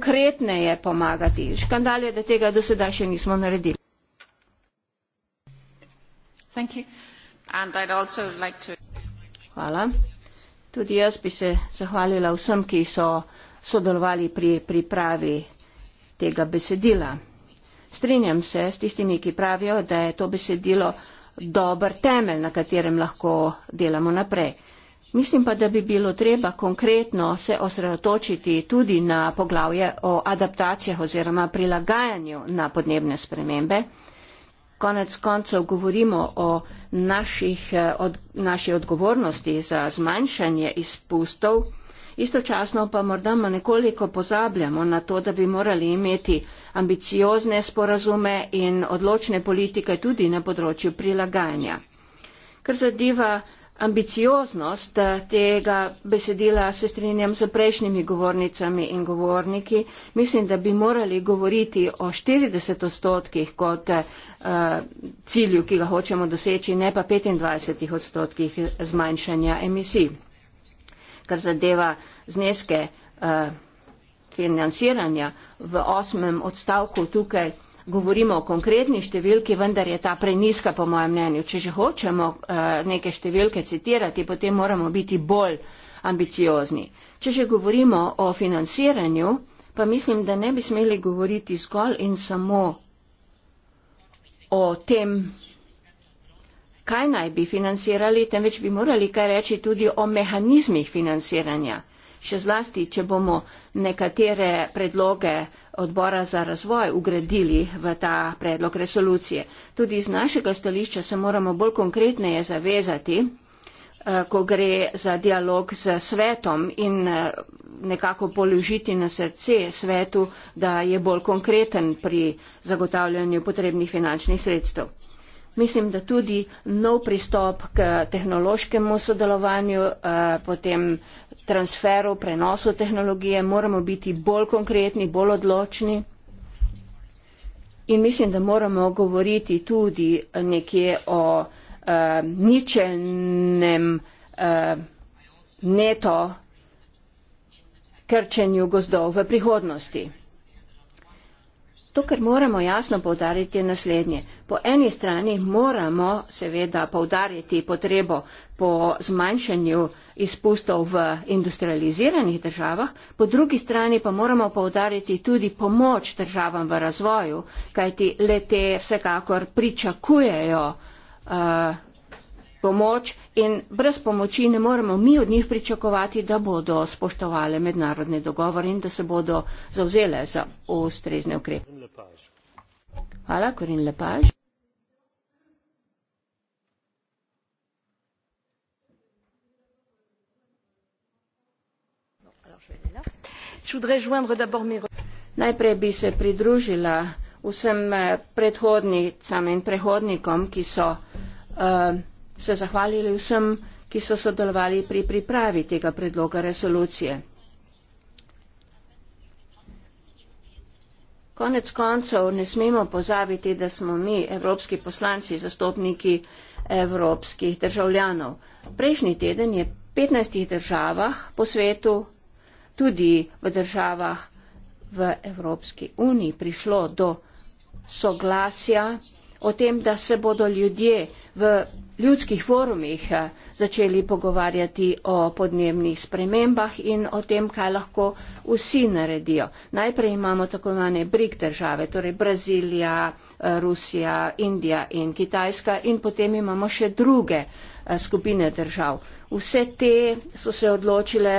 konkretneje pomagati. Škandal je, da tega do sedaj še nismo naredili. Thank you. And I'd also like to... Hvala. Tudi jaz bi se zahvalila vsem, ki so sodelovali pri pripravi tega besedila. Strinjam se s tistimi, ki pravijo, da je to besedilo dober temelj, na katerem lahko delamo naprej. Mislim pa, da bi bilo treba konkretno se osredotočiti tudi na poglavje o adaptacijah oziroma prilagajanju na podnebne spremembe. Konec koncev govorimo o naših, eh, od, naši odgovornosti za zmanjšanje izpustov, istočasno pa morda nekoliko pozabljamo na to, da bi morali imeti ambiciozne sporazume in odločne politike tudi na področju prilagajanja. Kar zadeva ambicioznost eh, tega besedila se strinjam s prejšnjimi govornicami in govorniki. Mislim, da bi morali govoriti o 40 odstotkih kot uh, cilju, ki ga hočemo doseči, ne pa 25 odstotkih zmanjšanja emisij. Kar zadeva zneske uh, financiranja v osmem odstavku tukaj govorimo o konkretni številki, vendar je ta preniska po mojem mnenju. Če že hočemo eh, neke številke citirati, potem moramo biti bolj ambiciozni. Če že govorimo o financiranju, pa mislim, da ne bi smeli govoriti zgolj in samo o tem, kaj naj bi financirali, temveč bi morali kaj reči tudi o mehanizmih financiranja. Še zlasti, če bomo nekatere predloge odbora za razvoj ugradili v ta predlog resolucije. Tudi iz našega stališča se moramo bolj konkretneje zavezati, eh, ko gre za dialog z svetom in eh, nekako položiti na srce svetu, da je bolj konkreten pri zagotavljanju potrebnih finančnih sredstev. Mislim, da tudi nov pristop k tehnološkemu sodelovanju, eh, potem transferu, prenosu tehnologije, moramo biti bolj konkretni, bolj odločni. In mislim, da moramo govoriti tudi nekje o uh, eh, ničenem uh, eh, neto krčenju gozdov v prihodnosti. To, kar moramo jasno povdariti, je naslednje. Po eni strani moramo seveda povdariti potrebo po zmanjšanju izpustov v industrializiranih državah, po drugi strani pa moramo povdariti tudi pomoč državam v razvoju, kajti lete vsekakor pričakujejo uh, pomoč in brez pomoči ne moremo mi od njih pričakovati, da bodo spoštovali mednarodne dogovore in da se bodo zauzele za ustrezne ukrepe. Hvala, Corinne Lepage. Najprej bi se pridružila vsem eh, predhodnicam in prehodnikom, ki so uh, se zahvalili vsem, ki so sodelovali pri pripravi tega predloga resolucije. Konec koncev ne smemo pozabiti, da smo mi, evropski poslanci, zastopniki evropskih državljanov. Prejšnji teden je v 15 državah po svetu, tudi v državah v Evropski uniji, prišlo do soglasja o tem, da se bodo ljudje v ljudskih forumih eh, začeli pogovarjati o podnebnih spremembah in o tem, kaj lahko vsi naredijo. Najprej imamo tako imenovane brik države, torej Brazilija, eh, Rusija, Indija in Kitajska in potem imamo še druge eh, skupine držav. Vse te so se odločile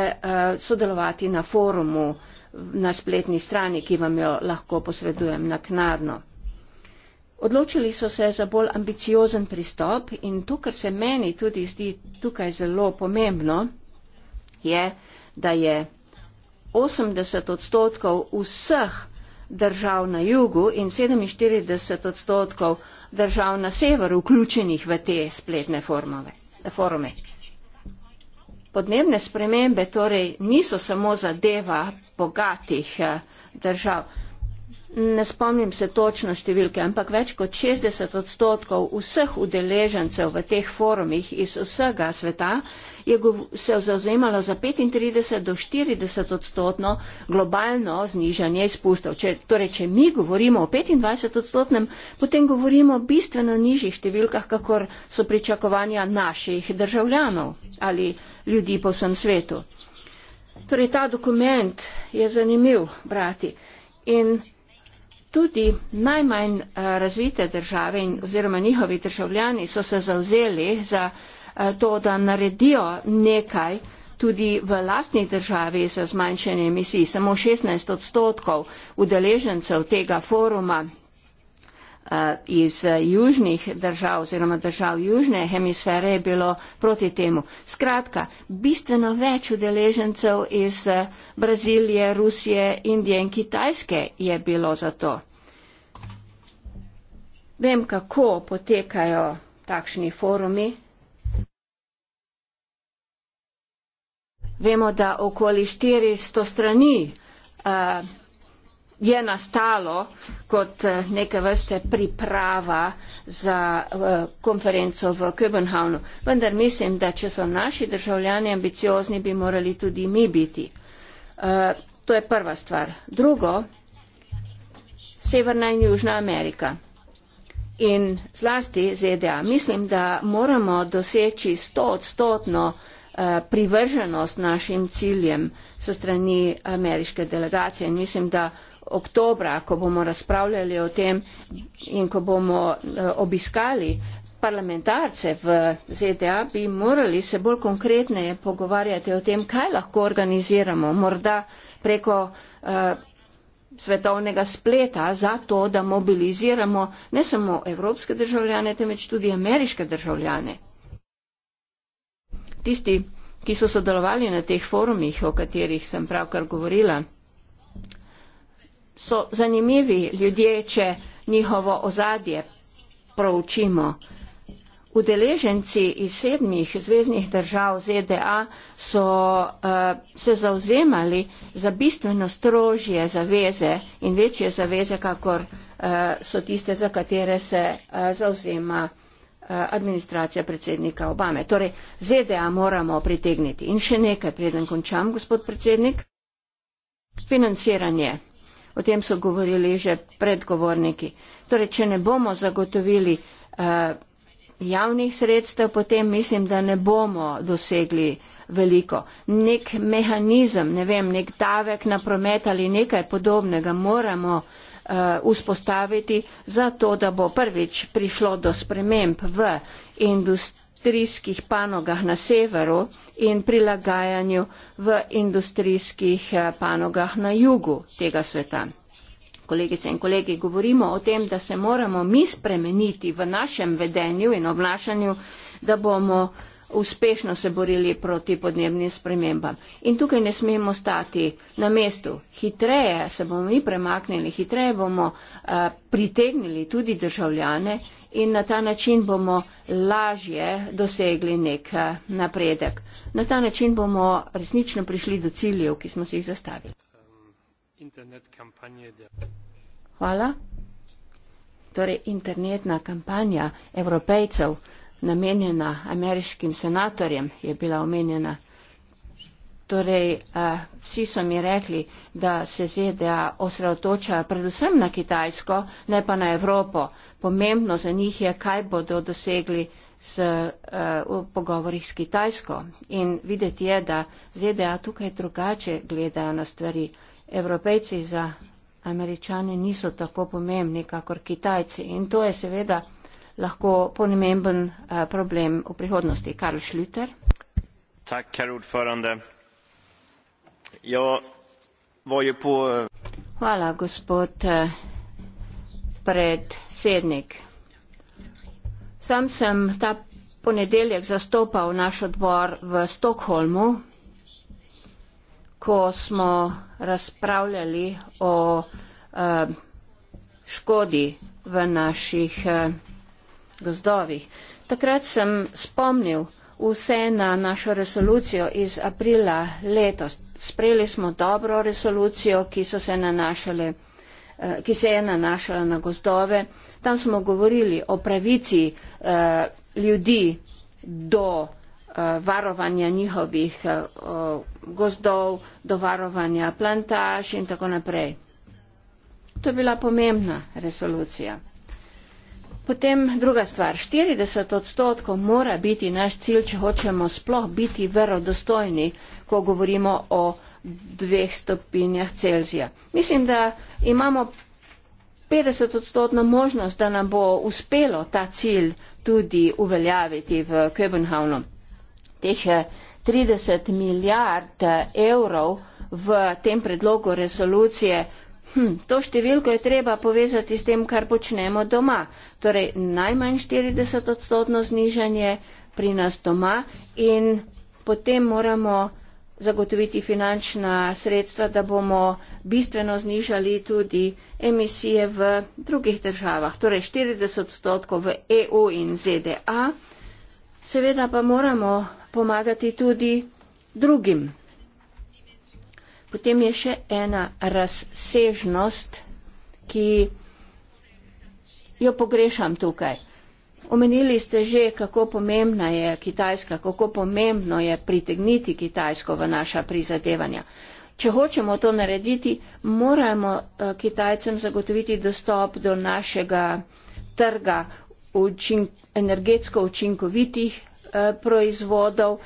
sodelovati na forumu na spletni strani, ki vam jo lahko posredujem naknadno. Odločili so se za bolj ambiciozen pristop in to, kar se meni tudi zdi tukaj zelo pomembno, je, da je 80 odstotkov vseh držav na jugu in 47 odstotkov držav na severu vključenih v te spletne forume. Podnebne spremembe torej niso samo zadeva bogatih eh, držav ne spomnim se točno številke, ampak več kot 60 odstotkov vseh udeležencev v teh forumih iz vsega sveta je se zauzemalo za 35 do 40 odstotno globalno znižanje izpustov. Če, torej, če mi govorimo o 25 odstotnem, potem govorimo o bistveno nižjih številkah, kakor so pričakovanja naših državljanov ali ljudi po vsem svetu. Torej, ta dokument je zanimiv brati. In Tudi najmanj eh, razvite države in, oziroma njihovi državljani so se zauzeli za eh, to, da naredijo nekaj tudi v lastni državi za zmanjšanje emisij. Samo 16 odstotkov udeležencev tega foruma Eh, iz južnih držav oziroma držav južne hemisfere je bilo proti temu. Skratka, bistveno več udeležencev iz eh, Brazilije, Rusije, Indije in Kitajske je bilo za to. Vem, kako potekajo takšni forumi. Vemo, da okoli 400 strani uh, je nastalo kot eh, neke vrste priprava za eh, konferenco v Köbenhavnu. Vendar mislim, da če so naši državljani ambiciozni, bi morali tudi mi biti. Eh, to je prva stvar. Drugo, Severna in Južna Amerika. In zlasti ZDA. Mislim, da moramo doseči stotstotno privrženost našim ciljem so strani ameriške delegacije in mislim, da oktobra ko bomo razpravljali o tem in ko bomo eh, obiskali parlamentarce v ZDA bi morali se bolj konkretneje pogovarjati o tem, kaj lahko organiziramo, morda preko uh, svetovnega spleta za to, da mobiliziramo ne samo evropske državljane, temveč tudi ameriške državljane. Tisti, ki so sodelovali na teh forumih, o katerih sem pravkar govorila, so zanimivi ljudje, če njihovo ozadje proučimo. Udeleženci iz sedmih zvezdnih držav ZDA so uh, se zauzemali za bistveno strožje zaveze in večje zaveze, kakor uh, so tiste, za katere se uh, eh, zauzema administracija predsednika Obame. Torej, ZDA moramo pritegniti. In še nekaj, preden končam, gospod predsednik. Financiranje. O tem so govorili že predgovorniki. Torej, če ne bomo zagotovili uh, javnih sredstev, potem mislim, da ne bomo dosegli veliko. Nek mehanizem, ne vem, nek davek na promet ali nekaj podobnega moramo eh, vzpostaviti za to, da bo prvič prišlo do sprememb v industriji industrijskih panogah na severu in prilagajanju v industrijskih eh, panogah na jugu tega sveta. Kolegice in kolegi, govorimo o tem, da se moramo mi spremeniti v našem vedenju in obnašanju, da bomo uspešno se borili proti podnebnim spremembam. In tukaj ne smemo stati na mestu. Hitreje se bomo mi premaknili, hitreje bomo uh, pritegnili tudi državljane in na ta način bomo lažje dosegli nek eh, napredek. Na ta način bomo resnično prišli do ciljev, ki smo si jih zastavili. Hvala. Torej, internetna kampanja evropejcev, namenjena ameriškim senatorjem, je bila omenjena. Torej, uh, vsi so mi rekli, da se ZDA osredotočajo predvsem na Kitajsko, ne pa na Evropo. Pomembno za njih je, kaj bodo dosegli s, uh, v pogovorih s Kitajsko. In videti je, da ZDA tukaj drugače gledajo na stvari. Evropejci za američane niso tako pomembni, kakor Kitajci. In to je seveda lahko pomemben uh, problem v prihodnosti. Karl Schlüter. Tak, Jag var ju på... Eh, Hvala, gospod eh, predsednik. Sam sem ta ponedeljek zastopal naš odbor v Stokholmu, ko smo razpravljali o eh, škodi v naših gozdovih. Takrat sem spomnil, vse na našo resolucijo iz aprila letos. Sprejeli smo dobro resolucijo, ki, se, nanašale, eh, ki se je nanašala na gozdove. Tam smo govorili o pravici eh, ljudi do eh, varovanja njihovih gozdov, do varovanja plantaž in tako naprej. To je bila pomembna resolucija. Potem druga stvar, 40 odstotkov mora biti naš cilj, če hočemo sploh biti verodostojni, ko govorimo o dveh stopinjah Celzija. Mislim, da imamo 50 odstotno možnost, da nam bo uspelo ta cilj tudi uveljaviti v Köbenhavnu. Teh 30 eh, milijard eh, evrov v tem predlogu resolucije, hm, to številko je treba povezati s tem, kar počnemo doma torej najmanj 40 odstotno znižanje pri nas doma in potem moramo zagotoviti finančna sredstva, da bomo bistveno znižali tudi emisije v drugih državah, torej 40 odstotkov v EU in ZDA. Seveda pa moramo pomagati tudi drugim. Potem je še ena razsežnost, ki jo pogrešam tukaj. Omenili ste že, kako pomembna je Kitajska, kako pomembno je pritegniti Kitajsko v naša prizadevanja. Če hočemo to narediti, moramo eh, Kitajcem zagotoviti dostop do našega trga učink, energetsko učinkovitih eh, proizvodov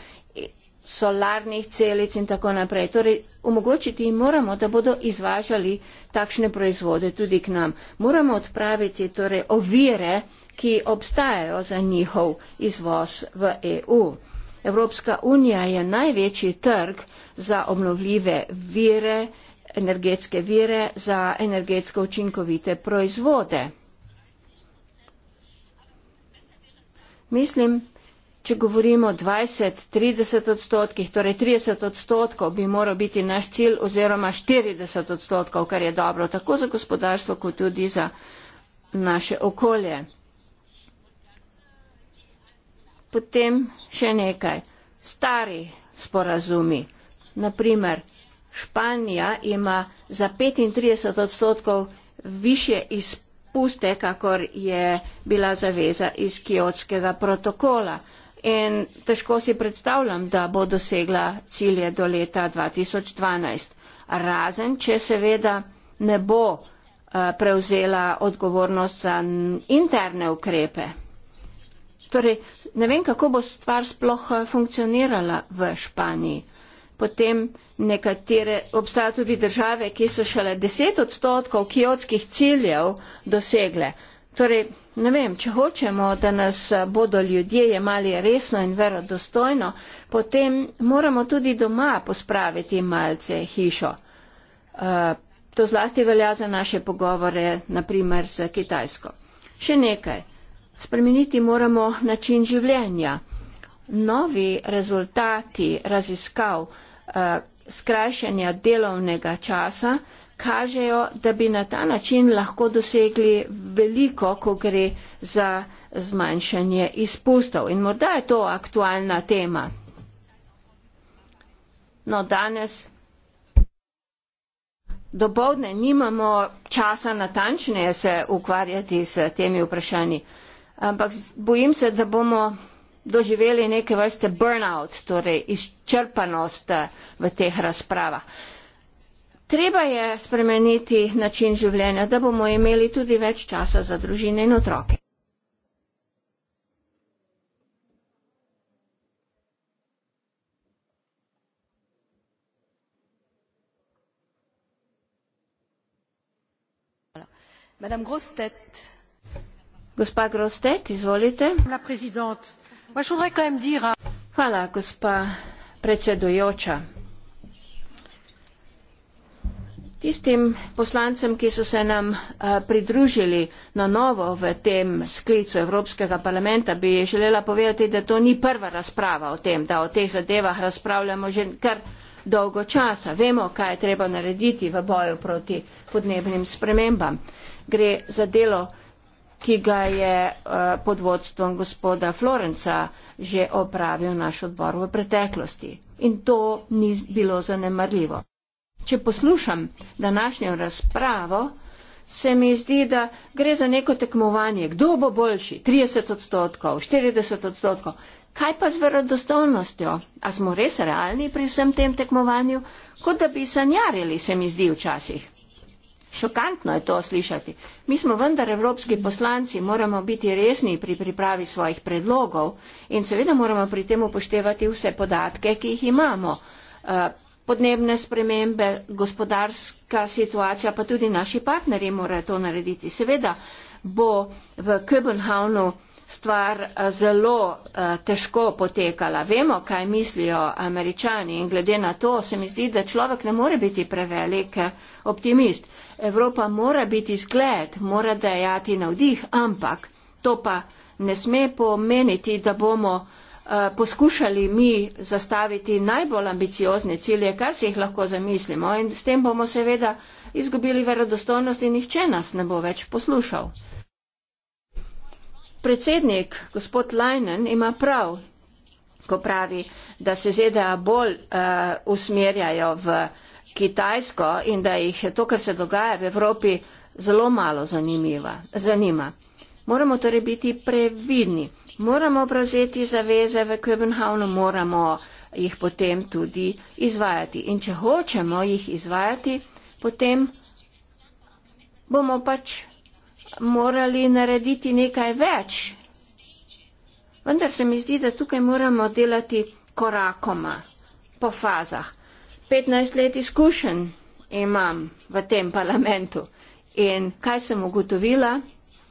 solarnih celic in tako naprej. Torej, omogočiti jim moramo, da bodo izvažali takšne proizvode tudi k nam. Moramo odpraviti torej ovire, ki obstajajo za njihov izvoz v EU. Evropska unija je največji trg za obnovljive vire, energetske vire, za energetsko učinkovite proizvode. Mislim, Če govorimo 20-30 odstotkih, torej 30 odstotkov bi moral biti naš cilj oziroma 40 odstotkov, kar je dobro tako za gospodarstvo, kot tudi za naše okolje. Potem še nekaj. Stari sporazumi. Naprimer, Španija ima za 35 odstotkov više izpuste, kakor je bila zaveza iz kiotskega protokola in težko si predstavljam, da bo dosegla cilje do leta 2012. Razen, če seveda ne bo eh, prevzela odgovornost za interne ukrepe. Torej, ne vem, kako bo stvar sploh eh, funkcionirala v Španiji. Potem nekatere, obstaja tudi države, ki so šele 10 odstotkov kiotskih ciljev dosegle. Torej, ne vem, če hočemo, da nas bodo ljudje jemali resno in verodostojno, potem moramo tudi doma pospraviti malce hišo. Eh, to zlasti velja za naše pogovore, naprimer z Kitajsko. Še nekaj. Spremeniti moramo način življenja. Novi rezultati raziskav eh, skrajšanja delovnega časa kažejo, da bi na ta način lahko dosegli veliko, ko gre za zmanjšanje izpustov. In morda je to aktualna tema. No, danes dopovdne nimamo časa natančneje se ukvarjati s temi vprašanji, ampak bojim se, da bomo doživeli neke vrste burnout, torej izčrpanost v teh razpravah. Treba je spremeniti način življenja, da bomo imeli tudi več časa za družine in otroke. Madame Grostet. Gospa Grostet, izvolite. Hvala, gospa predsedujoča. tistim poslancem, ki so se nam eh, pridružili na novo v tem sklicu Evropskega parlamenta, bi želela povedati, da to ni prva razprava o tem, da o teh zadevah razpravljamo že kar dolgo časa. Vemo, kaj je treba narediti v boju proti podnebnim spremembam. Gre za delo, ki ga je eh, pod vodstvom gospoda Florenca že opravil naš odbor v preteklosti. In to ni bilo zanemarljivo. Če poslušam današnjo razpravo, se mi zdi, da gre za neko tekmovanje. Kdo bo boljši? 30 odstotkov, 40 odstotkov. Kaj pa z verodostojnostjo? A smo res realni pri vsem tem tekmovanju? Kot da bi sanjarili, se mi zdi včasih. Šokantno je to slišati. Mi smo vendar evropski poslanci, moramo biti resni pri pripravi svojih predlogov in seveda moramo pri tem upoštevati vse podatke, ki jih imamo. Eh, podnebne spremembe, gospodarska situacija, pa tudi naši partnerji morajo to narediti. Seveda bo v Köbenhavnu stvar eh, zelo eh, težko potekala. Vemo, kaj mislijo američani in glede na to se mi zdi, da človek ne more biti prevelik eh, optimist. Evropa mora biti zgled, mora dajati navdih, ampak to pa ne sme pomeniti, da bomo uh, Eh, poskušali mi zastaviti najbolj ambiciozne cilje, kar si jih lahko zamislimo in s tem bomo seveda izgubili verodostojnost in nihče nas ne bo več poslušal. Predsednik gospod Leinen ima prav, ko pravi, da se ZDA bolj uh, usmerjajo v Kitajsko in da jih to, kar se dogaja v Evropi, zelo malo zanima. Moramo torej biti previdni moramo prevzeti zaveze v Köbenhavnu, moramo jih potem tudi izvajati. In če hočemo jih izvajati, potem bomo pač morali narediti nekaj več. Vendar se mi zdi, da tukaj moramo delati korakoma, po fazah. 15 let izkušenj imam v tem parlamentu in kaj sem ugotovila?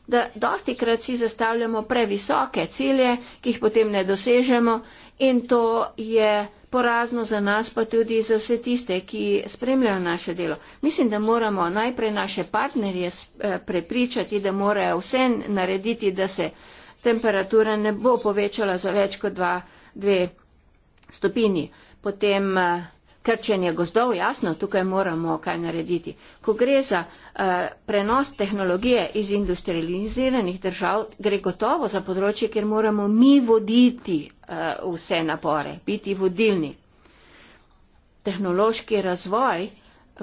da dosti krat si zastavljamo previsoke cilje, ki jih potem ne dosežemo in to je porazno za nas, pa tudi za vse tiste, ki spremljajo naše delo. Mislim, da moramo najprej naše partnerje eh, prepričati, da morajo vse narediti, da se temperatura ne bo povečala za več kot dva, dve stopini. Potem uh, krčenje gozdov, jasno, tukaj moramo kaj narediti. Ko gre za uh, prenos tehnologije iz industrializiranih držav, gre gotovo za področje, kjer moramo mi voditi uh, vse napore, biti vodilni. Tehnološki razvoj,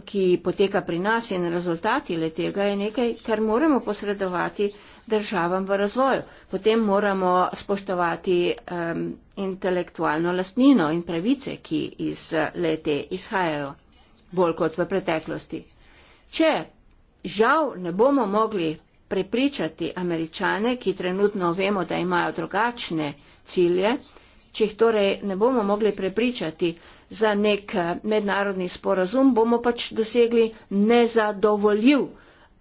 ki poteka pri nas in rezultati le tega, je nekaj, kar moramo posredovati uh, državam v razvoju. Potem moramo spoštovati um, intelektualno lastnino in pravice, ki iz lete izhajajo, bolj kot v preteklosti. Če žal ne bomo mogli prepričati američane, ki trenutno vemo, da imajo drugačne cilje, če jih torej ne bomo mogli prepričati za nek mednarodni sporazum, bomo pač dosegli nezadovoljiv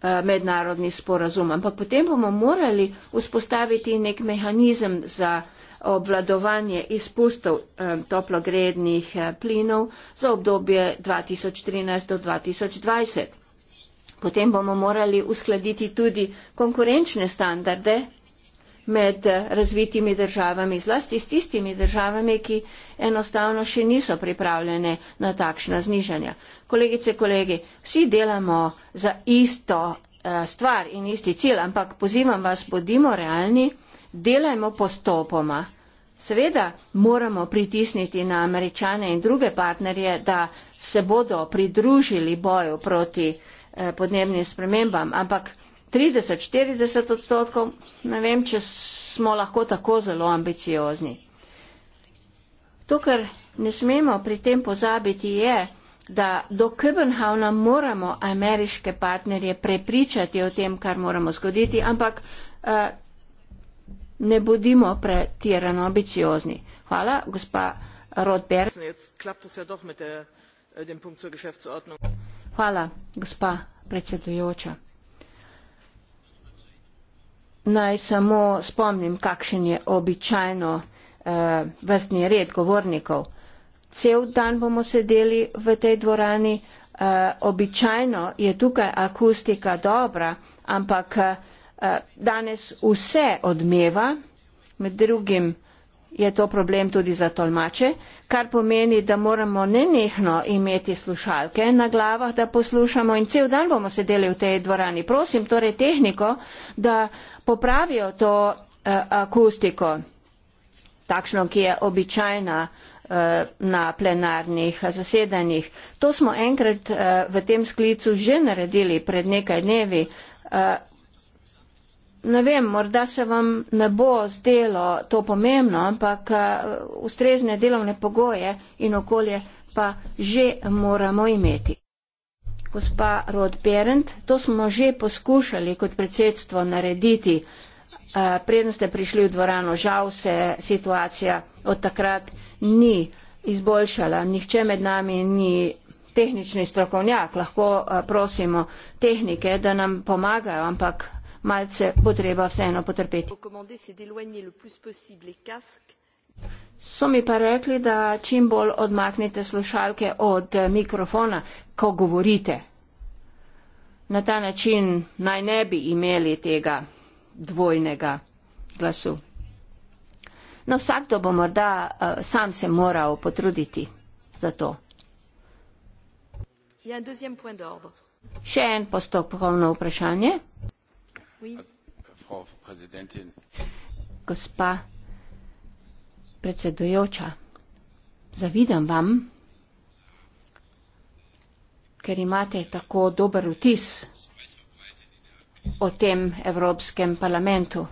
Eh, mednarodni sporazum. Ampak potem bomo morali vzpostaviti nek mehanizem za obvladovanje izpustov eh, toplogrednih eh, plinov za obdobje 2013 do 2020. Potem bomo morali uskladiti tudi konkurenčne standarde med eh, razvitimi državami, zlasti s tistimi državami, ki enostavno še niso pripravljene na takšna znižanja. Kolegice, kolegi, vsi delamo za isto eh, stvar in isti cilj, ampak pozivam vas, bodimo realni, delajmo postopoma. Seveda moramo pritisniti na američane in druge partnerje, da se bodo pridružili boju proti eh, podnebnim spremembam, ampak 30, 40 odstotkov, ne vem, če smo lahko tako zelo ambiciozni. To, kar ne smemo pri tem pozabiti, je, da do Köbenhavna moramo ameriške partnerje prepričati o tem, kar moramo zgoditi, ampak eh, ne bodimo pretirano ambiciozni. Hvala, gospa Rodberg. Ja äh, Hvala, gospa predsedujoča. Naj samo spomnim, kakšen je običajno uh, vrstni red govornikov. Cel dan bomo sedeli v tej dvorani, uh, običajno je tukaj akustika dobra, ampak uh, danes vse odmeva, med drugim uh, je to problem tudi za tolmače, kar pomeni, da moramo nenehno imeti slušalke na glavah, da poslušamo in cel dan bomo sedeli v tej dvorani. Prosim torej tehniko, da popravijo to uh, akustiko, takšno, ki je običajna uh, na plenarnih zasedanjih. To smo enkrat uh, v tem sklicu že naredili pred nekaj dnevi. Uh, ne vem, morda se vam ne bo zdelo to pomembno, ampak eh, ustrezne delovne pogoje in okolje pa že moramo imeti. Gospa Rod Berend, to smo že poskušali kot predsedstvo narediti. Eh, preden ste prišli v dvorano, žal se situacija od takrat ni izboljšala. Nihče med nami ni tehnični strokovnjak. Lahko eh, prosimo tehnike, da nam pomagajo, ampak malce bo treba vseeno potrpeti. So mi pa rekli, da čim bolj odmaknete slušalke od eh, mikrofona, ko govorite. Na ta način naj ne bi imeli tega dvojnega glasu. No, vsakdo bo morda uh, sam se moral potruditi za to. Še en postopkovno vprašanje. Frau Präsidentin. Gospa predsedujoča, zavidam vam, ker imate tako dober vtis o tem Evropskem parlamentu.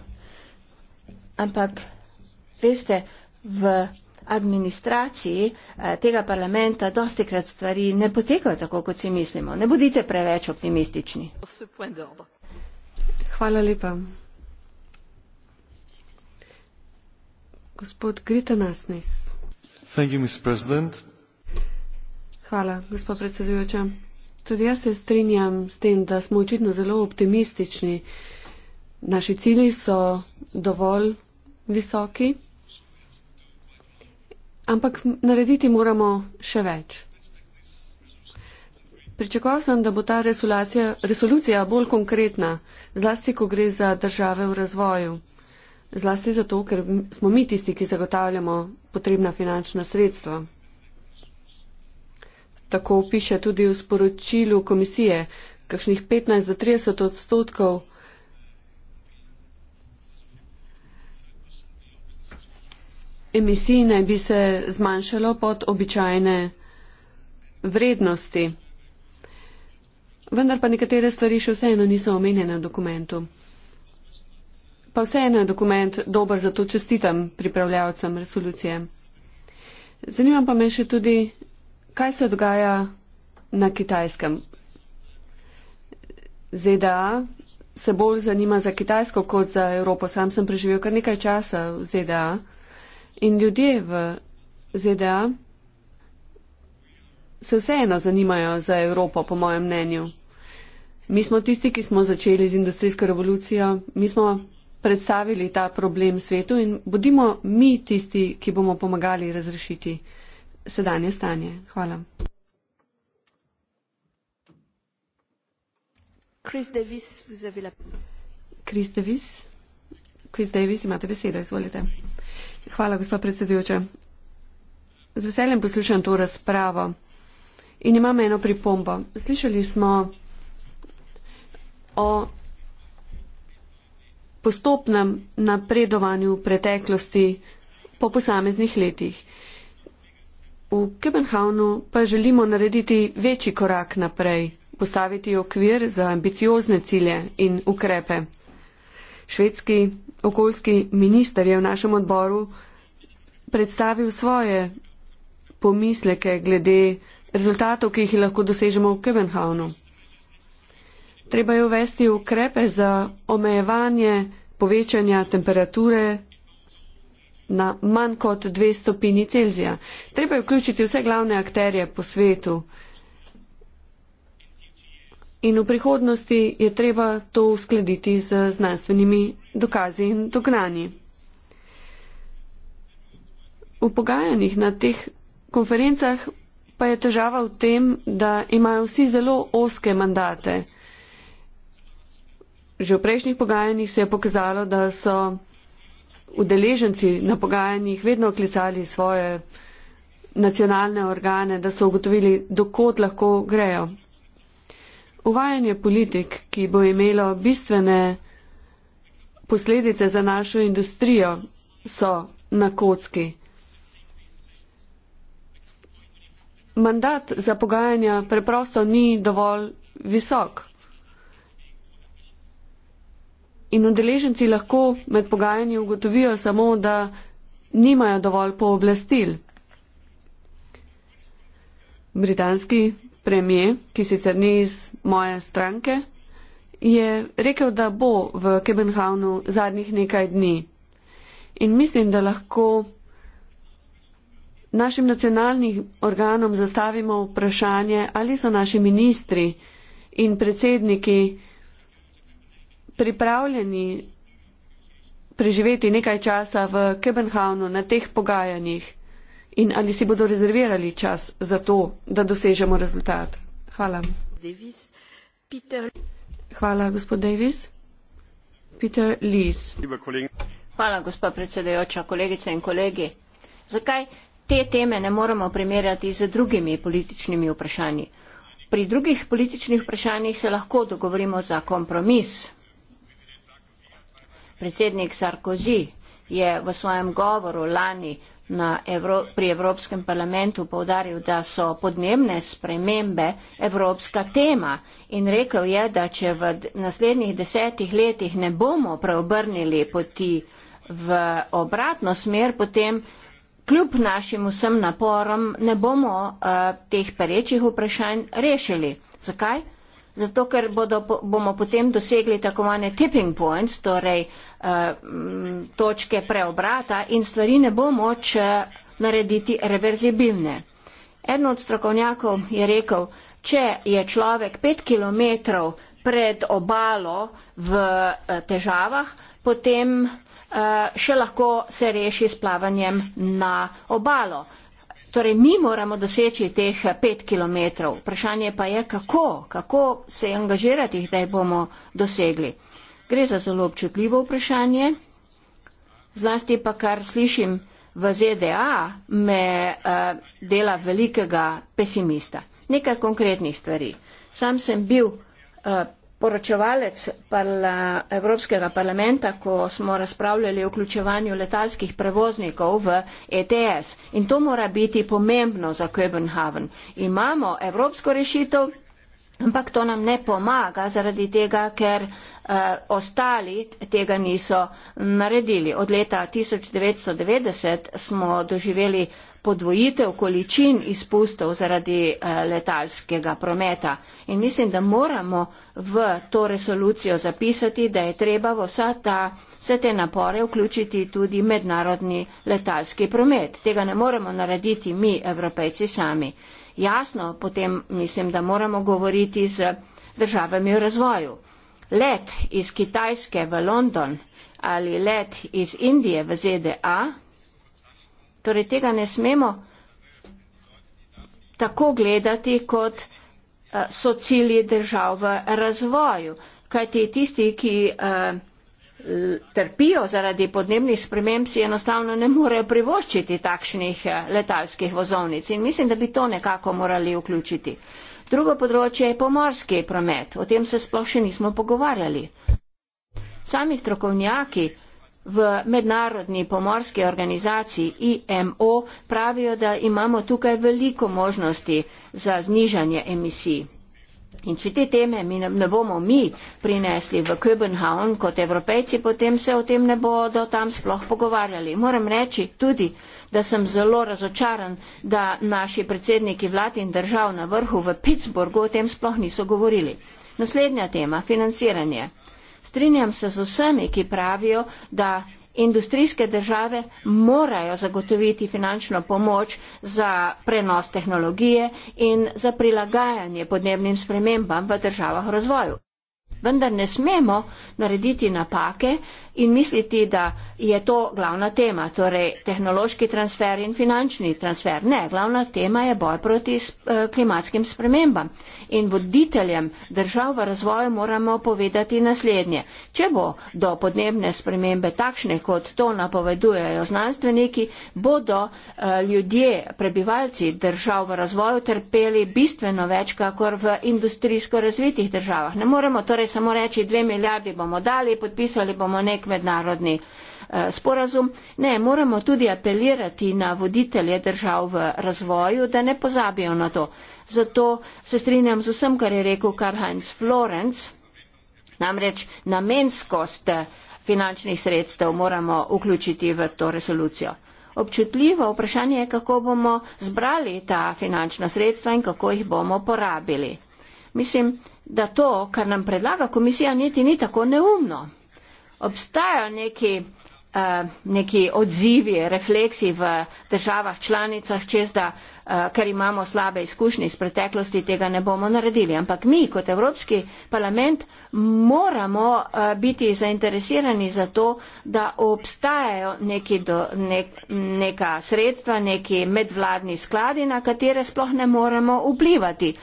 Ampak veste, v administraciji eh, tega parlamenta dosti krat stvari ne potekajo tako, kot si mislimo. Ne bodite preveč optimistični. Hvala lepa. Gospod Gritanasnis. Thank you, Hvala, gospod predsedujoča. Tudi jaz se strinjam s tem, da smo očitno zelo optimistični. Naši cilji so dovolj visoki, ampak narediti moramo še več. Pričakoval sem, da bo ta resolucija bolj konkretna, zlasti, ko gre za države v razvoju. Zlasti zato, ker smo mi tisti, ki zagotavljamo potrebna finančna sredstva. Tako piše tudi v sporočilu komisije, kakšnih 15 do 30 odstotkov emisij naj bi se zmanjšalo pod običajne vrednosti vendar pa nekatere stvari še vseeno niso omenjene v dokumentu. Pa vseeno je dokument dober, zato čestitam pripravljavcem resolucije. Zanima pa me še tudi, kaj se dogaja na kitajskem. ZDA e se bolj zanima za Kitajsko kot za Evropo. Sam sem preživel kar nekaj časa v ZDA e in ljudje v ZDA e se vseeno zanimajo za Evropo, po mojem mnenju. Mi smo tisti, ki smo začeli z industrijsko revolucijo, mi smo predstavili ta problem svetu in bodimo mi tisti, ki bomo pomagali razrešiti sedanje stanje. Hvala. Chris Davis, vous avez la... Chris Davis. Chris Davis, imate besedo, izvolite. Hvala, gospa predsedujoča. Z veseljem poslušam to razpravo in imam eno pripombo. Slišali smo o postopnem napredovanju preteklosti po posameznih letih. V Kebenhavnu pa želimo narediti večji korak naprej, postaviti okvir za ambiciozne cilje in ukrepe. Švedski okoljski minister je v našem odboru predstavil svoje pomisleke glede rezultatov, ki jih lahko dosežemo v Kebenhavnu. Treba je uvesti ukrepe za omejevanje povečanja temperature na manj kot 2 stopini Celzija. Treba je vključiti vse glavne akterje po svetu. In v prihodnosti je treba to uskladiti z znanstvenimi dokazi in dognani. V pogajanjih na teh konferencah pa je težava v tem, da imajo vsi zelo oske mandate že v prejšnjih pogajanjih se je pokazalo, da so udeleženci na pogajanjih vedno klicali svoje nacionalne organe, da so ugotovili, dokot lahko grejo. Uvajanje politik, ki bo imelo bistvene posledice za našo industrijo, so na kocki. Mandat za pogajanja preprosto ni dovolj visok in udeleženci lahko med pogajanji ugotovijo samo, da nimajo dovolj pooblastil. Britanski premijer, ki sicer ni iz moje stranke, je rekel, da bo v Kebenhavnu zadnjih nekaj dni. In mislim, da lahko našim nacionalnim organom zastavimo vprašanje, ali so naši ministri in predsedniki pripravljeni preživeti nekaj časa v Kebenhavnu na teh pogajanjih in ali si bodo rezervirali čas za to, da dosežemo rezultat? Hvala. Davis, Peter... Hvala, gospod Davis. Peter Lees. Hvala, gospod predsedujoča, kolegice in kolegi. Zakaj te teme ne moramo primerjati z drugimi političnimi vprašanji? Pri drugih političnih vprašanjih se lahko dogovorimo za kompromis. Predsednik Sarkozy je v svojem govoru lani Evro pri Evropskem parlamentu povdaril, da so podnebne spremembe evropska tema in rekel je, da če v naslednjih desetih letih ne bomo preobrnili poti v obratno smer, potem kljub našim vsem naporom ne bomo uh, teh perečih vprašanj rešili. Zakaj? zato ker bodo, bomo potem dosegli tako imenovane tipping points, torej eh, točke preobrata in stvari ne bo moč eh, narediti reverzibilne. En od strokovnjakov je rekel, če je človek pet kilometrov pred obalo v eh, težavah, potem še lahko se reši s plavanjem na obalo. Torej, mi moramo doseči teh pet kilometrov. Vprašanje pa je, kako, kako se angažirati, da jih bomo dosegli. Gre za zelo občutljivo vprašanje. Zlasti pa, kar slišim v ZDA, me uh, dela velikega pesimista. Nekaj konkretnih stvari. Sam sem bil uh, poročevalec parla, Evropskega parlamenta, ko smo razpravljali o vključevanju letalskih prevoznikov v ETS. In to mora biti pomembno za Köbenhavn. Imamo evropsko rešitev, ampak to nam ne pomaga zaradi tega, ker uh, ostali tega niso naredili. Od leta 1990 smo doživeli podvojitev količin izpustov zaradi eh, letalskega prometa. In mislim, da moramo v to resolucijo zapisati, da je treba v vsa ta, vse te napore vključiti tudi mednarodni letalski promet. Tega ne moremo narediti mi, evropejci, sami. Jasno, potem mislim, da moramo govoriti z državami v razvoju. Let iz Kitajske v London ali let iz Indije v ZDA Torej tega ne smemo tako gledati, kot eh, so cilji držav v razvoju. Kajti tisti, ki eh, trpijo zaradi podnebnih sprememb, si enostavno ne morejo privoščiti takšnih eh, letalskih vozovnic. In mislim, da bi to nekako morali vključiti. Drugo področje je pomorski promet. O tem se sploh še nismo pogovarjali. Sami strokovnjaki v mednarodni pomorski organizaciji IMO pravijo, da imamo tukaj veliko možnosti za znižanje emisij. In če te teme mi ne, ne bomo mi prinesli v Köbenhavn kot evropejci, potem se o tem ne bodo tam sploh pogovarjali. Moram reči tudi, da sem zelo razočaran, da naši predsedniki vlad in držav na vrhu v Pittsburghu o tem sploh niso govorili. Naslednja tema, financiranje. Strinjam se z vsemi, ki pravijo, da industrijske države morajo zagotoviti finančno pomoč za prenos tehnologije in za prilagajanje podnebnim spremembam v državah v razvoju. Vendar ne smemo narediti napake in misliti, da je to glavna tema, torej tehnološki transfer in finančni transfer. Ne, glavna tema je boj proti eh, klimatskim spremembam. In voditeljem držav v razvoju moramo povedati naslednje. Če bo do podnebne spremembe takšne, kot to napovedujejo znanstveniki, bodo eh, ljudje, prebivalci držav v razvoju trpeli bistveno več, kot v industrijsko razvitih državah. Ne moremo torej samo reči, dve milijardi bomo dali, podpisali bomo nek mednarodni eh, sporazum. Ne, moramo tudi apelirati na voditelje držav v razvoju, da ne pozabijo na to. Zato se strinjam z vsem, kar je rekel Karl-Heinz Florenc, namreč namenskost eh, finančnih sredstev moramo vključiti v to resolucijo. Občutljivo vprašanje je, kako bomo zbrali ta finančna sredstva in kako jih bomo porabili. Mislim, da to, kar nam predlaga komisija, niti ni tako neumno. Obstajajo neki, uh, neki odzivi, refleksi v državah članicah, čez da, uh, ker imamo slabe izkušnje iz preteklosti, tega ne bomo naredili. Ampak mi kot Evropski parlament moramo uh, biti zainteresirani za to, da obstajajo neki do, nek, neka sredstva, neki medvladni skladi, na katere sploh ne moremo vplivati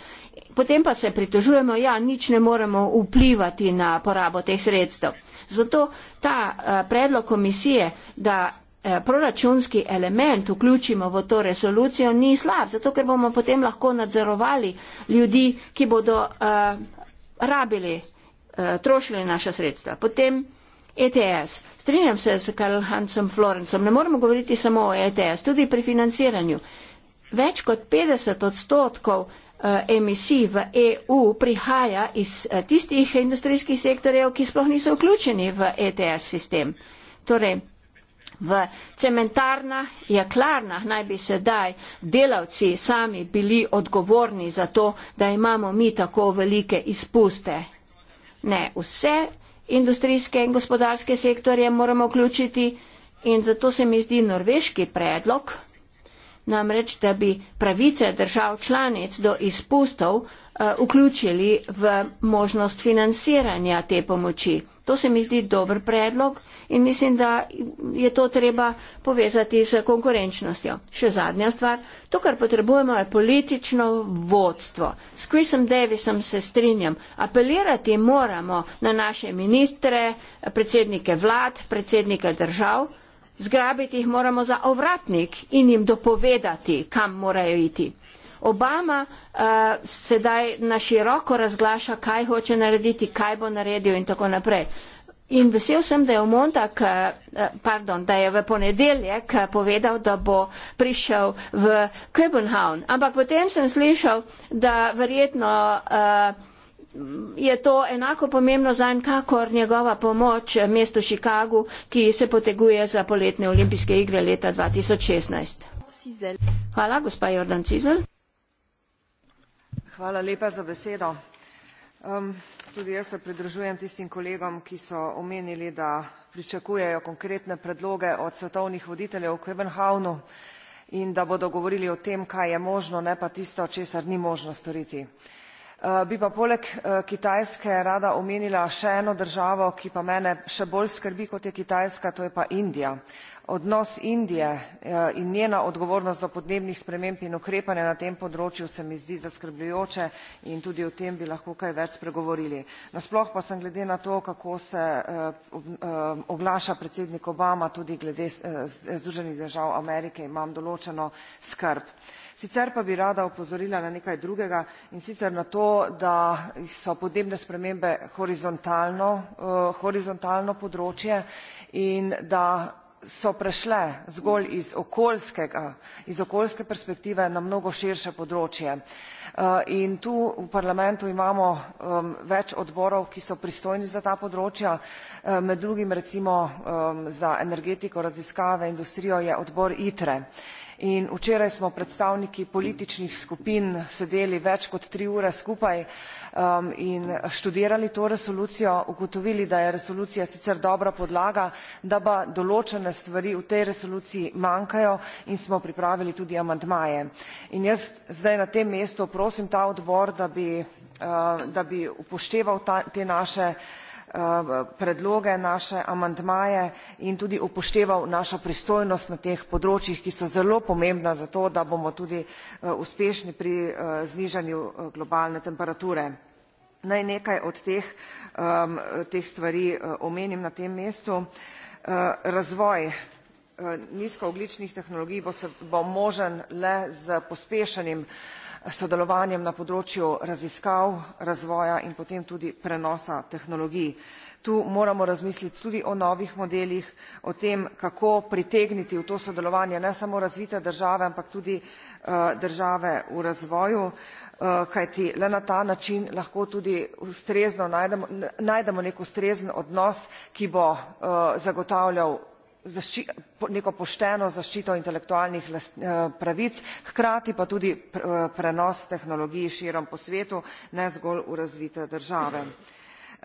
potem pa se pritožujemo, ja, nič ne moremo vplivati na porabo teh sredstev. Zato ta eh, predlog komisije, da eh, proračunski element vključimo v to resolucijo, ni slab, zato ker bomo potem lahko nadzorovali ljudi, ki bodo uh, rabili, uh, trošili naša sredstva. Potem ETS. Strinjam se s Karl Hansom Florencom, ne moremo govoriti samo o ETS, tudi pri financiranju. Več kot 50 odstotkov Eh, emisij v EU prihaja iz eh, tistih industrijskih sektorjev, ki sploh niso vključeni v ETS sistem. Torej, v cementarnah, jeklarnah naj bi sedaj delavci sami bili odgovorni za to, da imamo mi tako velike izpuste. Ne, vse industrijske in gospodarske sektorje moramo vključiti in zato se mi zdi norveški predlog, namreč, da bi pravice držav članic do izpustov eh, vključili v možnost financiranja te pomoči. To se mi zdi dober predlog in mislim, da je to treba povezati s konkurenčnostjo. Še zadnja stvar, to, kar potrebujemo, je politično vodstvo. S Chrisom Davisom se strinjam. Apelirati moramo na naše ministre, predsednike vlad, predsednike držav. Zgrabiti jih moramo za ovratnik in jim dopovedati, kam morajo iti. Obama uh, sedaj na široko razglaša, kaj hoče narediti, kaj bo naredil in tako naprej. In vesel sem, da je v Montag, eh, pardon, da je v ponedeljek eh, povedal, da bo prišel v Köbenhavn. Ampak potem sem slišal, da verjetno uh, je to enako pomembno za en kakor njegova pomoč mestu Chicagu, ki se poteguje za poletne olimpijske igre leta 2016. Hvala, gospa Jordan Cizel. Hvala lepa za besedo. Um, tudi jaz se pridružujem tistim kolegom, ki so omenili, da pričakujejo konkretne predloge od svetovnih voditeljev v Kevenhavnu in da bodo govorili o tem, kaj je možno, ne pa tisto, česar ni možno storiti. Eh, bi pa poleg eh, Kitajske rada omenila še eno državo, ki pa mene še bolj skrbi, kot je Kitajska, to je pa Indija. Odnos Indije eh, in njena odgovornost do podnebnih sprememb in ukrepanja na tem področju se mi zdi zaskrbljujoče in tudi o tem bi lahko kaj več spregovorili. Nasploh pa sem glede na to, kako se oglaša predsednik Obama tudi glede Združenih držav Amerike, imam določeno skrb. Sicer pa bi rada opozorila na nekaj drugega in sicer na to, da so podnebne spremembe horizontalno, uh, horizontalno področje in da so prešle zgolj iz, iz okoljske perspektive na mnogo širše področje. Eh, in tu v parlamentu imamo več odborov, ki so pristojni za ta področja, eh, med drugim recimo za energetiko, raziskave, industrijo je odbor ITRE in včeraj smo predstavniki političnih skupin sedeli več kot tri ure skupaj um, in študirali to resolucijo, ugotovili, da je resolucija sicer dobra podlaga, da pa določene stvari v tej resoluciji manjkajo in smo pripravili tudi amandmaje. In jaz zdaj na tem mestu prosim ta odbor, da bi, uh, da bi upošteval ta, te naše uh, Eh, predloge, naše amandmaje in tudi upošteval našo pristojnost na teh področjih, ki so zelo pomembna za to, da bomo tudi eh, uspešni pri eh, znižanju globalne temperature. Naj nekaj od teh, teh stvari omenim na tem mestu. Razvoj nizkoogljičnih tehnologij bo, se bo možen le s pospešenim sodelovanjem na področju raziskav, razvoja in potem tudi prenosa tehnologij. Tu moramo razmisliti tudi o novih modelih, o tem, kako pritegniti v to sodelovanje ne samo razvite države, ampak tudi eh, države v razvoju, eh, kajti le na ta način lahko tudi ustrezno najdemo, najdemo nek ustrezen odnos, ki bo eh, zagotavljal neko pošteno zaščito intelektualnih eh, pravic, hkrati pa tudi eh, prenos tehnologij širom po svetu, ne zgolj v razvite države.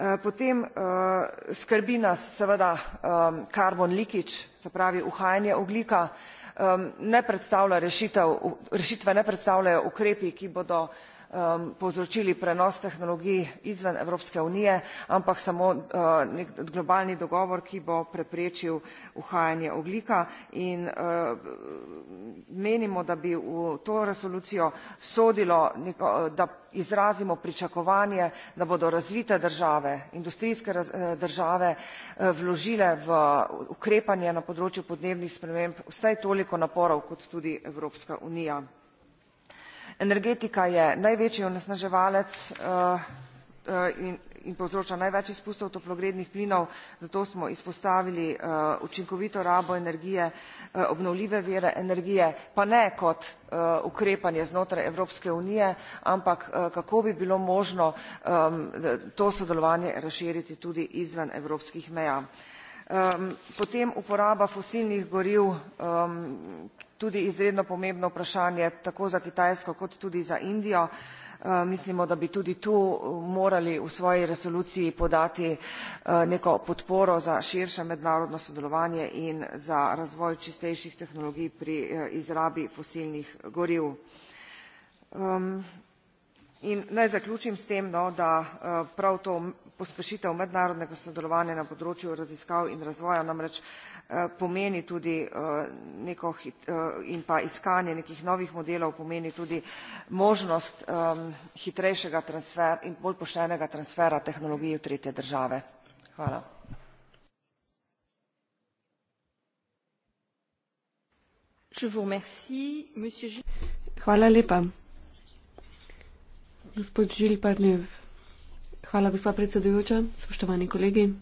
Eh, potem skrbi nas seveda carbon leakage, se pravi uhajanje ogljika, ne predstavlja rešitev, rešitve ne predstavljajo ukrepi, ki bodo um, povzročili prenos tehnologij izven Evropske unije, ampak samo uh, nek globalni dogovor, ki bo preprečil uhajanje oglika. In uh, menimo, da bi v to resolucijo sodilo, neko, da izrazimo pričakovanje, da bodo razvite države, industrijske raz, eh, države eh, vložile v ukrepanje na področju podnebnih sprememb vsaj toliko naporov kot tudi Evropska unija. Energetika je največji onesnaževalec eh, eh, in povzroča največ izpustov toplogrednih plinov, zato smo izpostavili eh, učinkovito rabo energije, obnovljive vire energije, pa ne kot ukrepanje znotraj Evropske unije, ampak kako bi bilo možno ehm, to sodelovanje razširiti tudi izven evropskih meja. Ehm, potem uporaba fosilnih goriv, ehm, tudi izredno pomembno vprašanje tako za Kitajsko kot tudi za Indijo. Eh, mislimo, da bi tudi tu eh, morali v svoji resoluciji podati eh, neko podporo za širše mednarodno sodelovanje in za razvoj čistejših tehnologij pri izrabi fosilnih goriv. Ehm, in naj zaključim s tem, no, da prav to pospešitev mednarodnega sodelovanja na področju raziskav in razvoja namreč eh, pomeni tudi eh, neko eh, in pa iskanje nekih novih modelov pomeni tudi možnost ehm, hitrejšega transfer in bolj poštenega transfera tehnologij v tretje države. Hvala. Hvala lepa. Gospod Gilles Pardnev. Hvala, gospa predsedujoča. Spoštovani kolegi.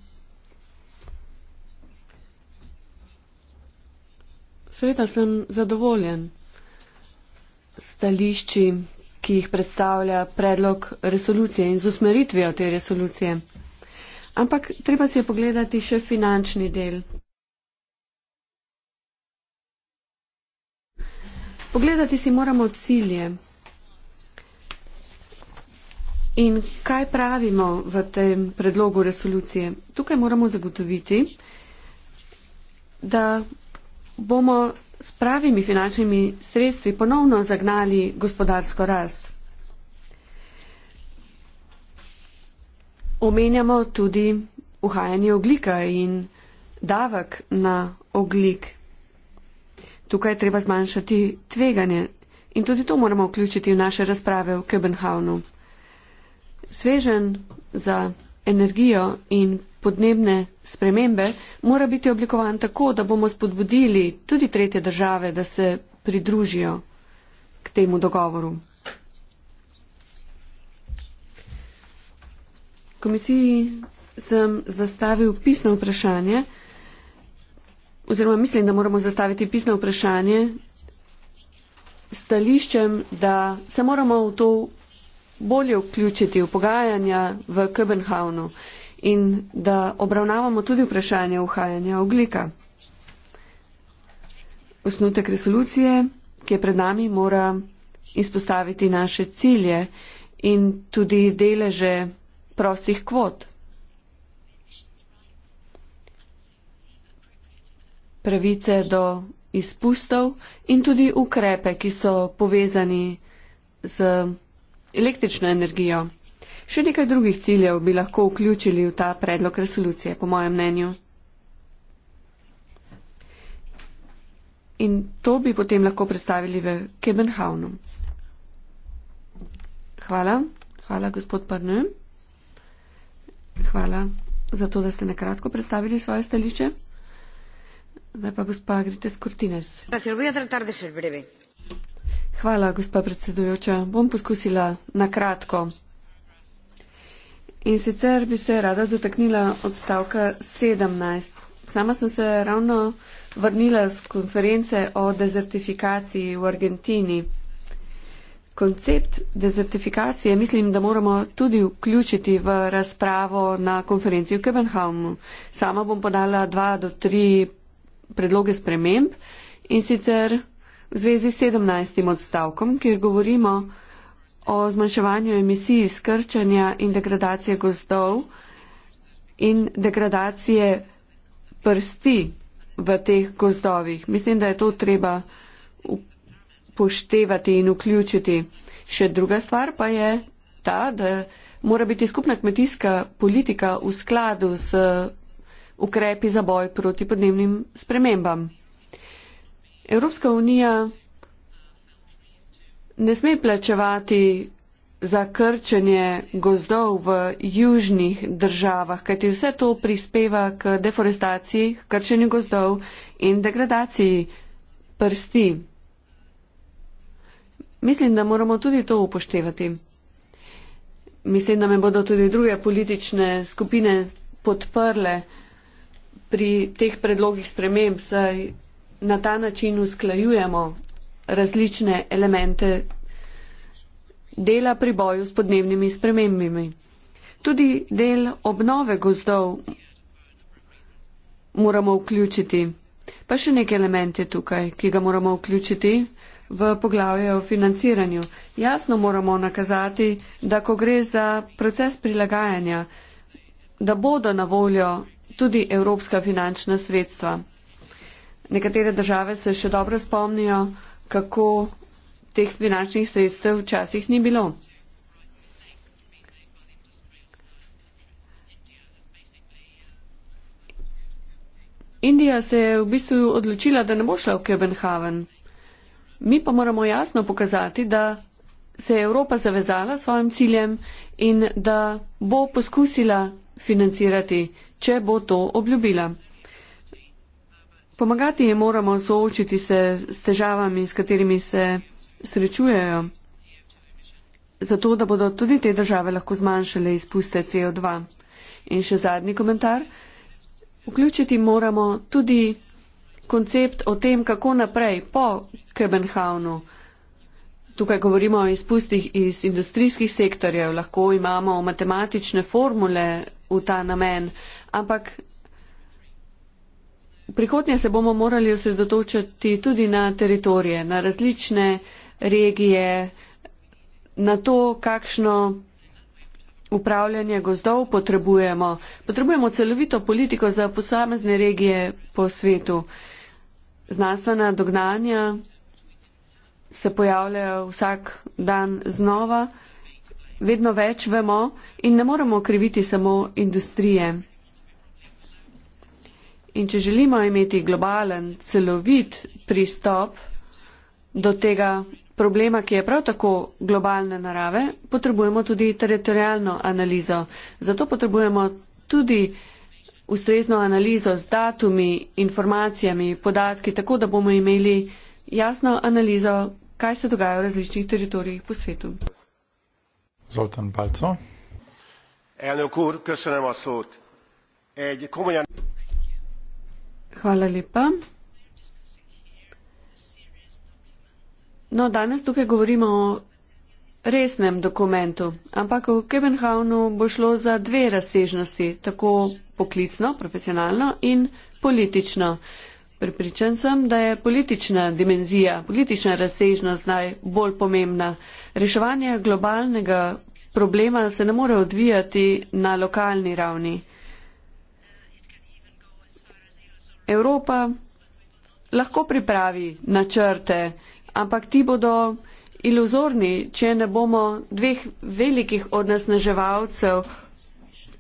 Sveta sem zadovoljen stališči, ki jih predstavlja predlog resolucije in z usmeritvijo te resolucije. Ampak treba si je pogledati še finančni del. Pogledati si moramo cilje, In kaj pravimo v tem predlogu resolucije? Tukaj moramo zagotoviti, da bomo s pravimi finančnimi sredstvi ponovno zagnali gospodarsko rast. Omenjamo tudi uhajanje oglika in davek na oglik. Tukaj treba zmanjšati tveganje in tudi to moramo vključiti v naše razprave v Köbenhavnu svežen za energijo in podnebne spremembe mora biti oblikovan tako, da bomo spodbudili tudi tretje države, da se pridružijo k temu dogovoru. Komisiji sem zastavil pisno vprašanje, oziroma mislim, da moramo zastaviti pisno vprašanje stališčem, da se moramo v to bolje vključiti v pogajanja v Köbenhavnu in da obravnavamo tudi vprašanje uhajanja oglika. Osnutek resolucije, ki je pred nami, mora izpostaviti naše cilje in tudi deleže prostih kvot. Pravice do izpustov in tudi ukrepe, ki so povezani z električno energijo. Še nekaj drugih ciljev bi lahko vključili v ta predlog resolucije, po mojem mnenju. In to bi potem lahko predstavili v Kebenhavnu. Hvala. Hvala, gospod Parnu. Hvala za to, da ste nakratko predstavili svoje stališče. Zdaj pa gospa Grites Kurtines. Gracias, voy a tratar de ser breve. Hvala, gospa predsedujoča. Bom poskusila na kratko. In sicer bi se rada dotaknila odstavka 17. Sama sem se ravno vrnila z konference o dezertifikaciji v Argentini. Koncept dezertifikacije mislim, da moramo tudi vključiti v razpravo na konferenci v Kebenhavnu. Sama bom podala dva do tri predloge sprememb in sicer v zvezi s 17. odstavkom, kjer govorimo o zmanjševanju emisij skrčanja in degradacije gozdov in degradacije prsti v teh gozdovih. Mislim, da je to treba upoštevati in vključiti. Še druga stvar pa je ta, da mora biti skupna kmetijska politika v skladu s ukrepi za boj proti podnebnim spremembam. Evropska unija ne sme plačevati za krčenje gozdov v južnih državah, kajti vse to prispeva k deforestaciji, k krčenju gozdov in degradaciji prsti. Mislim, da moramo tudi to upoštevati. Mislim, da me bodo tudi druge politične skupine podprle pri teh predlogih sprememb, saj na ta način usklajujemo različne elemente dela pri boju s podnebnimi spremembami. Tudi del obnove gozdov moramo vključiti. Pa še nek element je tukaj, ki ga moramo vključiti v poglavje o financiranju. Jasno moramo nakazati, da ko gre za proces prilagajanja, da bodo na voljo tudi evropska finančna sredstva. Nekatere države se še dobro spomnijo, kako teh finančnih sredstev včasih ni bilo. Indija se je v bistvu odločila, da ne bo šla v Kebenhaven. Mi pa moramo jasno pokazati, da se je Evropa zavezala svojim ciljem in da bo poskusila financirati, če bo to obljubila. Pomagati jim moramo soočiti se s težavami, s katerimi se srečujejo, zato da bodo tudi te države lahko zmanjšale izpuste CO2. In še zadnji komentar. Vključiti moramo tudi koncept o tem, kako naprej po Kebenhavnu. Tukaj govorimo o izpustih iz industrijskih sektorjev, lahko imamo matematične formule v ta namen, ampak V prihodnje se bomo morali osredotočiti tudi na teritorije, na različne regije, na to, kakšno upravljanje gozdov potrebujemo. Potrebujemo celovito politiko za posamezne regije po svetu. Znanstvena dognanja se pojavljajo vsak dan znova, vedno več vemo in ne moremo kriviti samo industrije. In če želimo imeti globalen, celovit pristop do tega problema, ki je prav tako globalne narave, potrebujemo tudi teritorijalno analizo. Zato potrebujemo tudi ustrezno analizo z datumi, informacijami, podatki, tako da bomo imeli jasno analizo, kaj se dogaja v različnih teritorijih po svetu. Zoltan Balco. Elnök úr, köszönöm a szót. Egy komolyan... Hvala lepa. No, danes tukaj govorimo o resnem dokumentu, ampak v Kebenhavnu bo šlo za dve razsežnosti, tako poklicno, profesionalno in politično. Pripričan sem, da je politična dimenzija, politična razsežnost najbolj pomembna. Reševanje globalnega problema se ne more odvijati na lokalni ravni. Evropa lahko pripravi načrte, ampak ti bodo iluzorni, če ne bomo dveh velikih odnasneževalcev,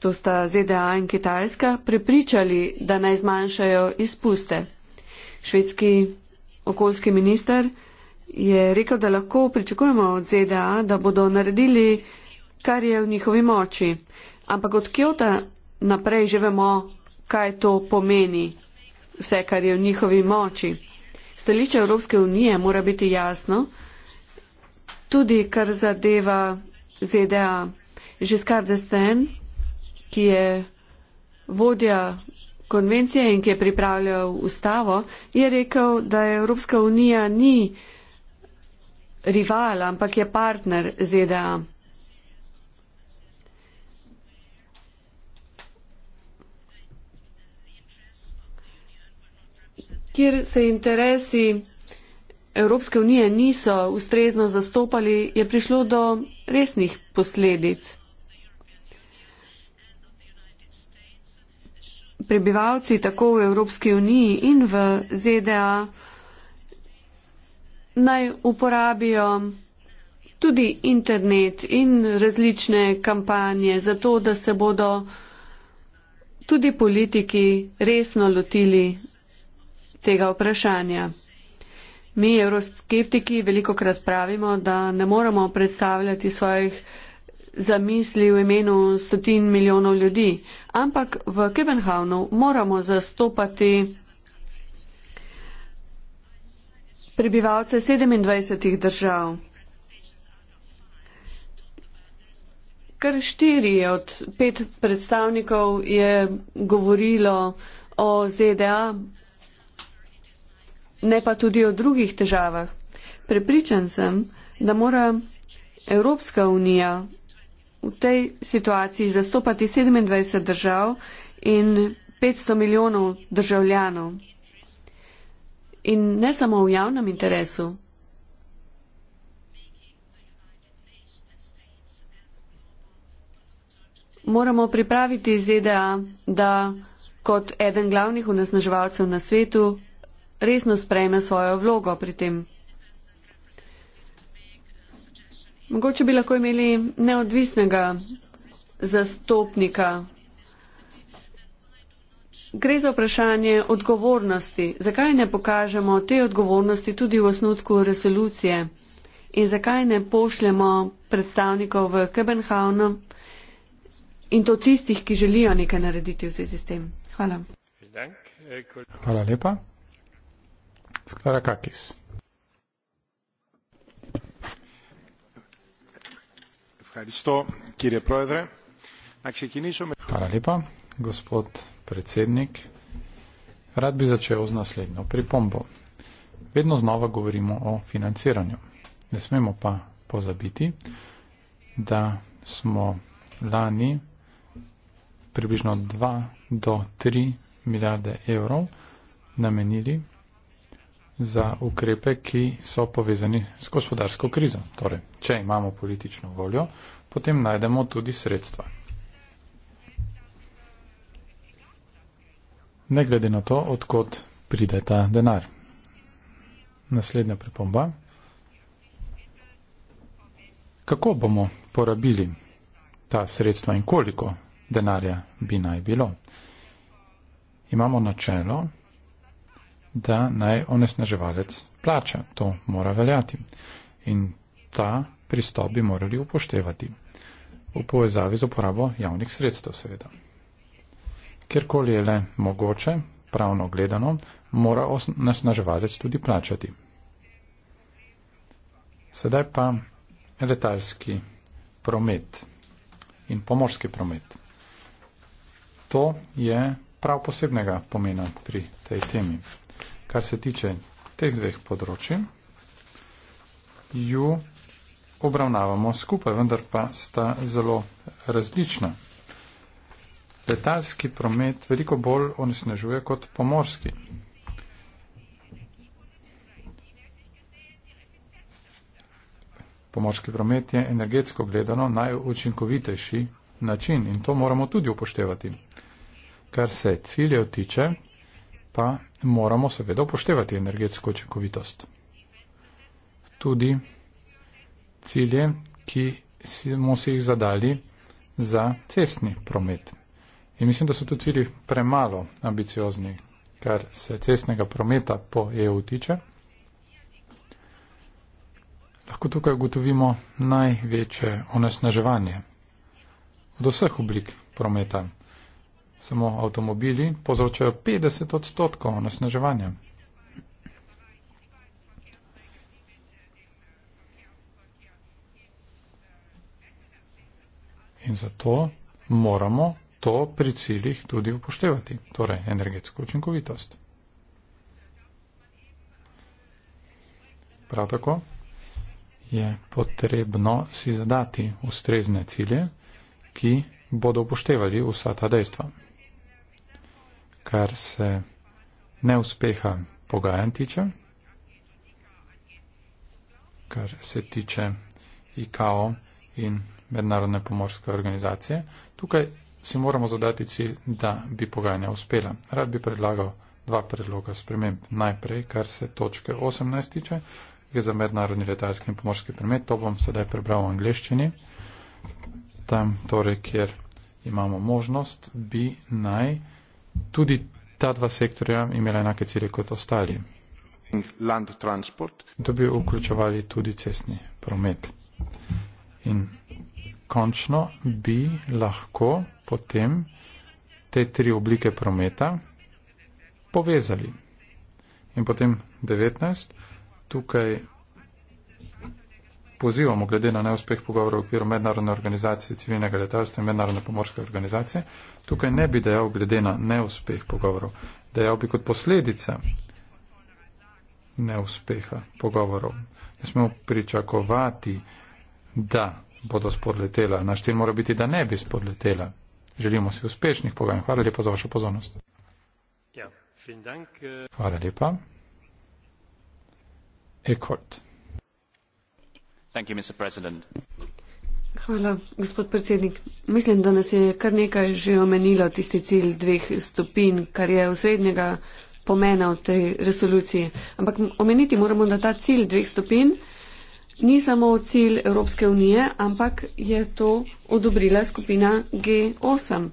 to sta ZDA in Kitajska, prepričali, da naj zmanjšajo izpuste. Švedski okoljski minister je rekel, da lahko pričakujemo od ZDA, da bodo naredili, kar je v njihovi moči. Ampak od Kjota naprej že vemo, kaj to pomeni vse, kar je v njihovi moči. Stališče Evropske unije mora biti jasno, tudi kar zadeva ZDA. Žiskar Desten, ki je vodja konvencije in ki je pripravljal ustavo, je rekel, da Evropska unija ni rival, ampak je partner ZDA. kjer se interesi Evropske unije niso ustrezno zastopali, je prišlo do resnih posledic. Prebivalci tako v Evropski uniji in v ZDA naj uporabijo tudi internet in različne kampanje za to, da se bodo tudi politiki resno lotili tega vprašanja. Mi, euroskeptiki, veliko krat pravimo, da ne moramo predstavljati svojih zamisli v imenu stotin milijonov ljudi, ampak v Kebenhavnu moramo zastopati prebivalce 27 držav. Kar štiri od pet predstavnikov je govorilo o ZDA, ne pa tudi o drugih težavah. Prepričan sem, da mora Evropska unija v tej situaciji zastopati 27 držav in 500 milijonov državljanov. In ne samo v javnem interesu. Moramo pripraviti ZDA, da kot eden glavnih onesnaževalcev na svetu resno sprejme svojo vlogo pri tem. Mogoče bi lahko imeli neodvisnega zastopnika. Gre za vprašanje odgovornosti. Zakaj ne pokažemo te odgovornosti tudi v osnutku resolucije in zakaj ne pošljemo predstavnikov v Kebenhavnu in to tistih, ki želijo nekaj narediti v zvezi s tem. Hvala. Hvala lepa. Skarakakis. Hvala lepa, gospod predsednik. Rad bi začel z naslednjo pripombo. Vedno znova govorimo o financiranju. Ne smemo pa pozabiti, da smo lani približno 2 do 3 milijarde evrov namenili za ukrepe, ki so povezani s gospodarsko krizo. Torej, če imamo politično voljo, potem najdemo tudi sredstva. Ne glede na to, odkot pride ta denar. Naslednja pripomba. Kako bomo porabili ta sredstva in koliko denarja bi naj bilo? Imamo načelo, da naj onesnaževalec plača. To mora veljati. In ta pristop bi morali upoštevati v povezavi z uporabo javnih sredstev, seveda. Kjerkoli je le mogoče, pravno gledano, mora onesnaževalec tudi plačati. Sedaj pa letalski promet in pomorski promet. To je prav posebnega pomena pri tej temi kar se tiče teh dveh področji, ju obravnavamo skupaj, vendar pa sta zelo različna. Letalski promet veliko bolj onesnažuje kot pomorski. Pomorski promet je energetsko gledano najučinkovitejši način in to moramo tudi upoštevati. Kar se ciljev tiče, pa moramo seveda upoštevati energetsko očekovitost. Tudi cilje, ki smo si jih zadali za cestni promet. In mislim, da so tu cilji premalo ambiciozni, kar se cestnega prometa po EU tiče. Lahko tukaj ugotovimo največje onesnaževanje od vseh oblik prometa samo avtomobili povzročajo 50 odstotkov onesnaževanja. In zato moramo to pri ciljih tudi upoštevati, torej energetsko učinkovitost. Prav tako je potrebno si zadati ustrezne cilje, ki bodo upoštevali vsa ta dejstva kar se neuspeha pogajanj tiče, kar se tiče IKO in Mednarodne pomorske organizacije. Tukaj si moramo zadati cilj, da bi pogajanja uspela. Rad bi predlagal dva predloga sprememb. Najprej, kar se točke 18 tiče, gre za mednarodni letalski in pomorski premet. To bom sedaj prebral v angleščini. Tam, torej, kjer imamo možnost, bi naj tudi ta dva sektorja imela enake cilje kot ostali. To bi vključevali tudi cestni promet. In končno bi lahko potem te tri oblike prometa povezali. In potem 19, tukaj pozivamo glede na neuspeh pogovora v okviru mednarodne organizacije civilnega letalstva in mednarodne pomorske organizacije, tukaj ne bi dejal glede na neuspeh pogovorov, dejal bi kot posledica neuspeha pogovorov. Ne smemo pričakovati, da bodo spodletela. Naš cilj mora biti, da ne bi spodletela. Želimo si uspešnih pogajanj. Hvala lepa za vašo pozornost. Ja, eh. Hvala lepa. Ekort. Hvala, gospod predsednik. Mislim, da nas je kar nekaj že omenilo tisti cilj dveh stopinj, kar je osrednjega pomena v tej resoluciji. Ampak omeniti moramo, da ta cilj dveh stopinj ni samo cilj Evropske unije, ampak je to odobrila skupina G8.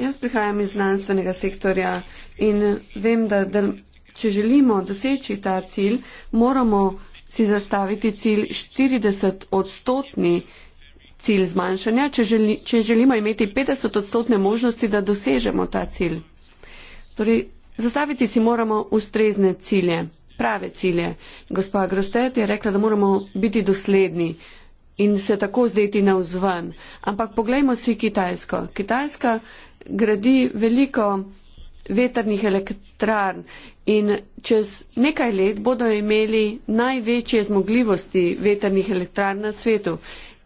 Jaz prihajam iz znanstvenega sektorja in vem, da, da če želimo doseči ta cilj, moramo si zastaviti cilj 40 odstotni cilj zmanjšanja, če, želi, če želimo imeti 50 odstotne možnosti, da dosežemo ta cilj. Torej, zastaviti si moramo ustrezne cilje, prave cilje. Gospa Grostet je rekla, da moramo biti dosledni in se tako zdeti na vzven. Ampak poglejmo si Kitajsko. Kitajska gradi veliko vetrnih elektrarn in čez nekaj let bodo imeli največje zmogljivosti vetrnih elektrarn na svetu.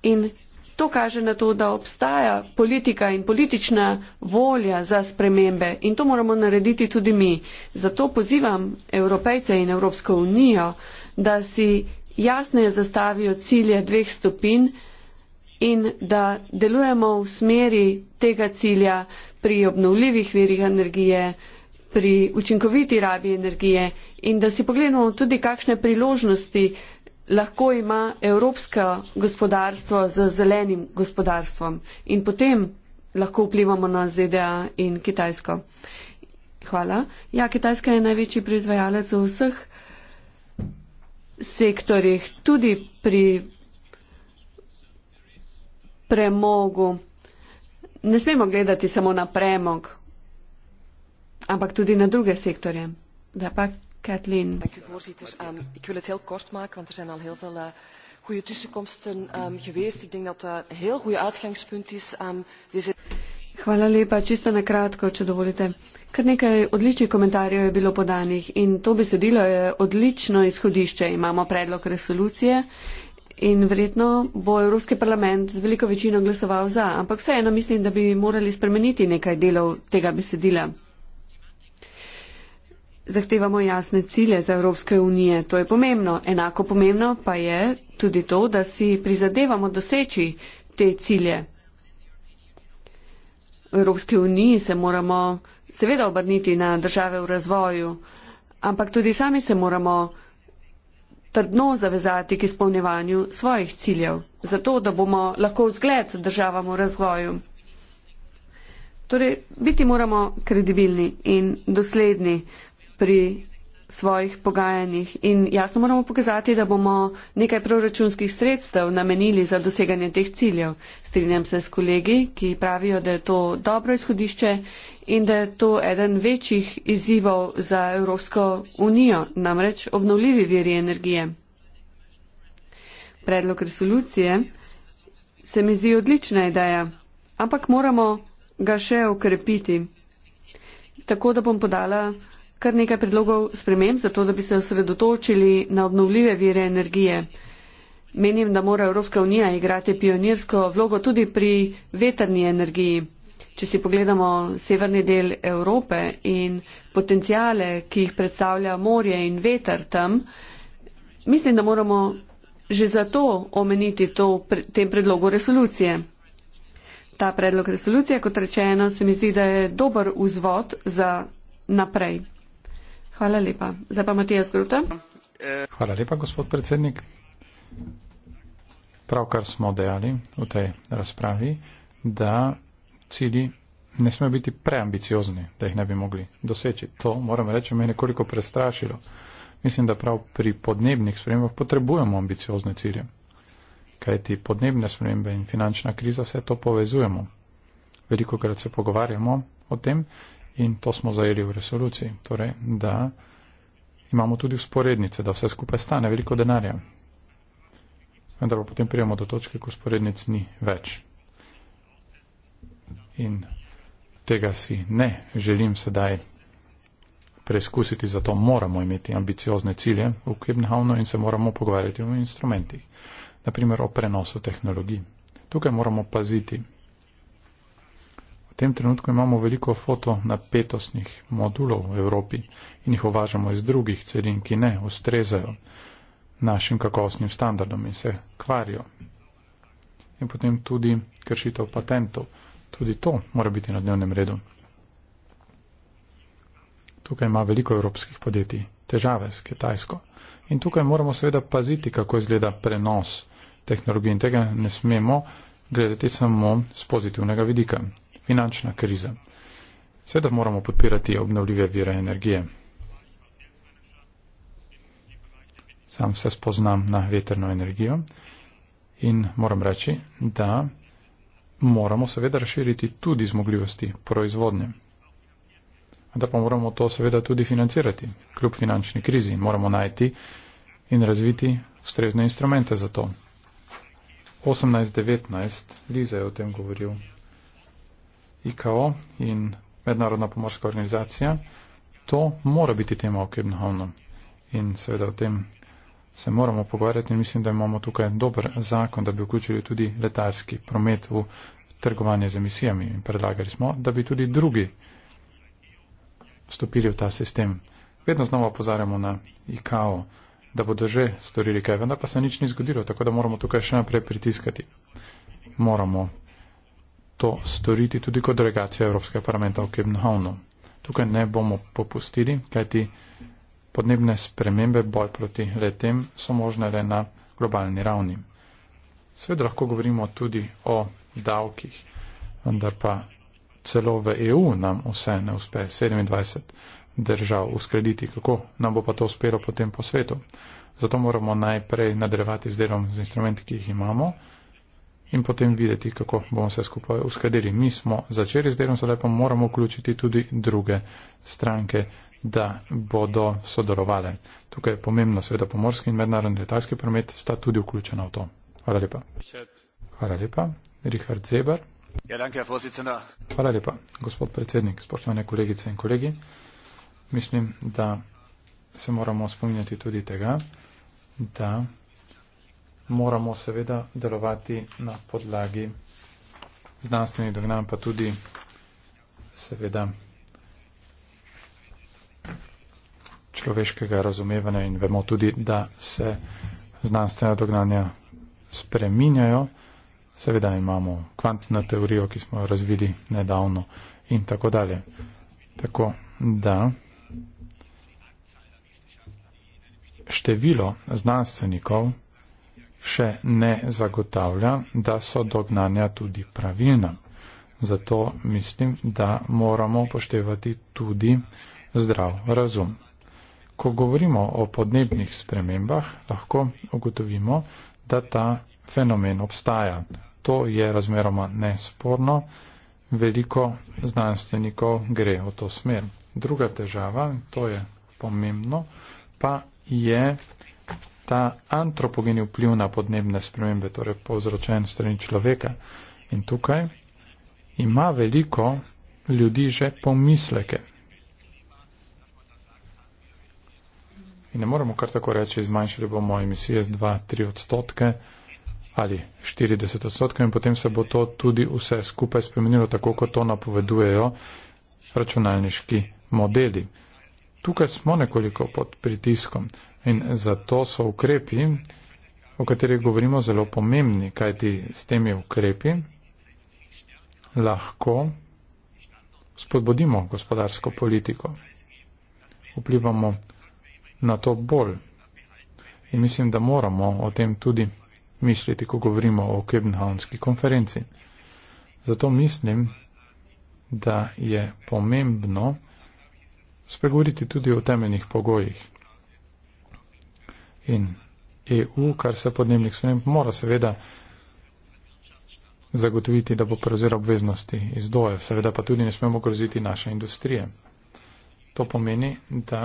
In to kaže na to, da obstaja politika in politična volja za spremembe in to moramo narediti tudi mi. Zato pozivam Evropejce in Evropsko unijo, da si jasneje zastavijo cilje dveh stopinj, in da delujemo v smeri tega cilja pri obnovljivih virih energije, pri učinkoviti rabi energije in da si pogledamo tudi, kakšne priložnosti lahko ima evropsko gospodarstvo z zelenim gospodarstvom in potem lahko vplivamo na ZDA in Kitajsko. Hvala. Ja, Kitajska je največji proizvajalec v vseh sektorjih, tudi pri premogu. Ne smemo gledati samo na premog, ampak tudi na druge sektorje. Da pa, Kathleen. Hvala lepa, čisto na kratko, če dovolite. Kar nekaj odličnih komentarjev je bilo podanih in to besedilo je odlično izhodišče. Imamo predlog resolucije In verjetno bo Evropski parlament z veliko večino glasoval za, ampak vseeno mislim, da bi morali spremeniti nekaj delov tega besedila. Zahtevamo jasne cilje za Evropske unije, to je pomembno. Enako pomembno pa je tudi to, da si prizadevamo doseči te cilje. V Evropski uniji se moramo seveda obrniti na države v razvoju, ampak tudi sami se moramo trdno zavezati k izpolnjevanju svojih ciljev, zato da bomo lahko vzgled državam v razvoju. Torej, biti moramo kredibilni in dosledni pri svojih pogajanjih in jasno moramo pokazati, da bomo nekaj proračunskih sredstev namenili za doseganje teh ciljev. Strinjam se s kolegi, ki pravijo, da je to dobro izhodišče in da je to eden večjih izzivov za Evropsko unijo, namreč obnovljivi viri energije. Predlog resolucije se mi zdi odlična ideja, ampak moramo ga še ukrepiti. Tako da bom podala kar nekaj predlogov sprememb za to, da bi se osredotočili na obnovljive vire energije. Menim, da mora Evropska unija igrati pionirsko vlogo tudi pri veterni energiji. Če si pogledamo severni del Evrope in potencijale, ki jih predstavlja morje in veter tam, mislim, da moramo že zato omeniti to v tem predlogu resolucije. Ta predlog resolucije, kot rečeno, se mi zdi, da je dober vzvod za naprej. Hvala lepa. Zdaj pa Matija Zgruta. Hvala lepa, gospod predsednik. Pravkar smo dejali v tej razpravi, da cilji ne smejo biti preambiciozni, da jih ne bi mogli doseči. To, moram reči, me je nekoliko prestrašilo. Mislim, da prav pri podnebnih spremembah potrebujemo ambiciozne cilje. Kaj ti podnebne spremembe in finančna kriza, vse to povezujemo. Veliko krat se pogovarjamo o tem In to smo zajeli v resoluciji, torej, da imamo tudi usporednice, da vse skupaj stane veliko denarja. Vendar pa potem prijemo do točke, ko usporednic ni več. In tega si ne želim sedaj preizkusiti, zato moramo imeti ambiciozne cilje v Kibnhavnu in se moramo pogovarjati o instrumentih, naprimer o prenosu tehnologij. Tukaj moramo paziti, tem trenutku imamo veliko fotonapetostnih modulov v Evropi in jih uvažamo iz drugih celin, ki ne ustrezajo našim kakovostnim standardom in se kvarijo. In potem tudi kršitev patentov. Tudi to mora biti na dnevnem redu. Tukaj ima veliko evropskih podjetij težave s Kitajsko. In tukaj moramo seveda paziti, kako izgleda prenos tehnologije in tega ne smemo gledati samo z pozitivnega vidika finančna kriza. Seveda moramo podpirati obnovljive vire energije. Sam se spoznam na veterno energijo in moram reči, da moramo seveda razširiti tudi zmogljivosti proizvodnje. Da pa moramo to seveda tudi financirati, kljub finančni krizi. Moramo najti in razviti ustrezne instrumente za to. 18.19. Liza je o tem govoril. IKO in Mednarodna pomorska organizacija, to mora biti tema o Kibnhavnu. In seveda o tem se moramo pogovarjati in mislim, da imamo tukaj dober zakon, da bi vključili tudi letarski promet v trgovanje z emisijami. In predlagali smo, da bi tudi drugi stopili v ta sistem. Vedno znova pozarjamo na IKO, da bodo že storili kaj, vendar pa se nič ni zgodilo, tako da moramo tukaj še naprej pritiskati. Moramo to storiti tudi kot delegacija Evropskega parlamenta v Kebnhavnu. Tukaj ne bomo popustili, kajti podnebne spremembe, boj proti letem so možne le na globalni ravni. Sveda lahko govorimo tudi o davkih, vendar pa celo v EU nam vse ne uspe 27 držav uskrediti, kako nam bo pa to uspelo potem po svetu. Zato moramo najprej nadrevati z delom z instrumenti, ki jih imamo in potem videti, kako bomo vse skupaj uskladili. Mi smo začeli z delom, sedaj pa moramo vključiti tudi druge stranke, da bodo sodelovali. Tukaj je pomembno, seveda pomorski in mednarodni letalski promet sta tudi vključena v to. Hvala lepa. Hvala lepa. Richard Zeber. Ja, danke, Hvala lepa, gospod predsednik, spoštovane kolegice in kolegi. Mislim, da se moramo spominjati tudi tega, da moramo seveda delovati na podlagi znanstvenih dognanj, pa tudi seveda človeškega razumevanja in vemo tudi, da se znanstvena dognanja spreminjajo. Seveda imamo kvantno teorijo, ki smo jo razvili nedavno in tako dalje. Tako da število znanstvenikov še ne zagotavlja, da so dognanja tudi pravilna. Zato mislim, da moramo upoštevati tudi zdrav razum. Ko govorimo o podnebnih spremembah, lahko ugotovimo, da ta fenomen obstaja. To je razmeroma nesporno. Veliko znanstvenikov gre v to smer. Druga težava, to je pomembno, pa je ta antropogeni vpliv na podnebne spremembe, torej povzročen strani človeka. In tukaj ima veliko ljudi že pomisleke. In ne moramo kar tako reči, zmanjšali bomo emisije z 2-3 odstotke ali 40 odstotkov in potem se bo to tudi vse skupaj spremenilo, tako kot to napovedujejo računalniški modeli. Tukaj smo nekoliko pod pritiskom. In zato so ukrepi, o katerih govorimo, zelo pomembni, kajti s temi ukrepi lahko spodbudimo gospodarsko politiko, vplivamo na to bolj. In mislim, da moramo o tem tudi misliti, ko govorimo o Kebnhavnski konferenci. Zato mislim, da je pomembno spregovoriti tudi o temeljnih pogojih in EU, kar se podnebnih sprememb mora seveda zagotoviti, da bo prevzel obveznosti iz doje. Seveda pa tudi ne smemo groziti naše industrije. To pomeni, da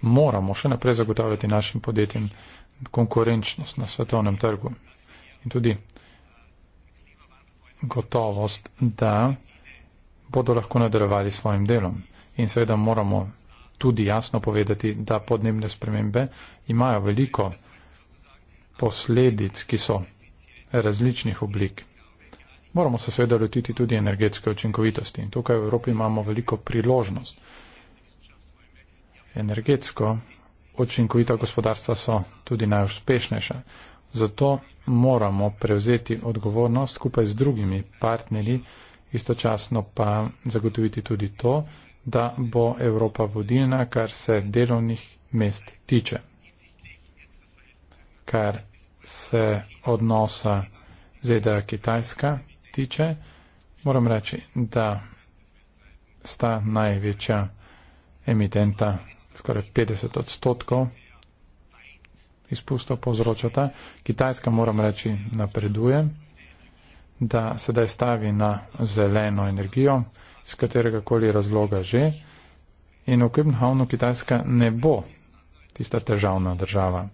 moramo še naprej zagotavljati našim podjetjem konkurenčnost na svetovnem trgu in tudi gotovost, da bodo lahko nadaljevali svojim delom. In seveda moramo tudi jasno povedati, da podnebne spremembe imajo veliko posledic, ki so različnih oblik. Moramo se seveda lotiti tudi energetske učinkovitosti in tukaj v Evropi imamo veliko priložnost. Energetsko učinkovita gospodarstva so tudi najuspešnejša. Zato moramo prevzeti odgovornost skupaj z drugimi partnerji, istočasno pa zagotoviti tudi to, da bo Evropa vodilna, kar se delovnih mest tiče, kar se odnosa ZDA Kitajska tiče. Moram reči, da sta največja emitenta, skoraj 50 odstotkov izpustov povzročata. Kitajska, moram reči, napreduje, da sedaj stavi na zeleno energijo iz katerega koli razloga že. In v Kibnhavnu Kitajska ne bo tista težavna država.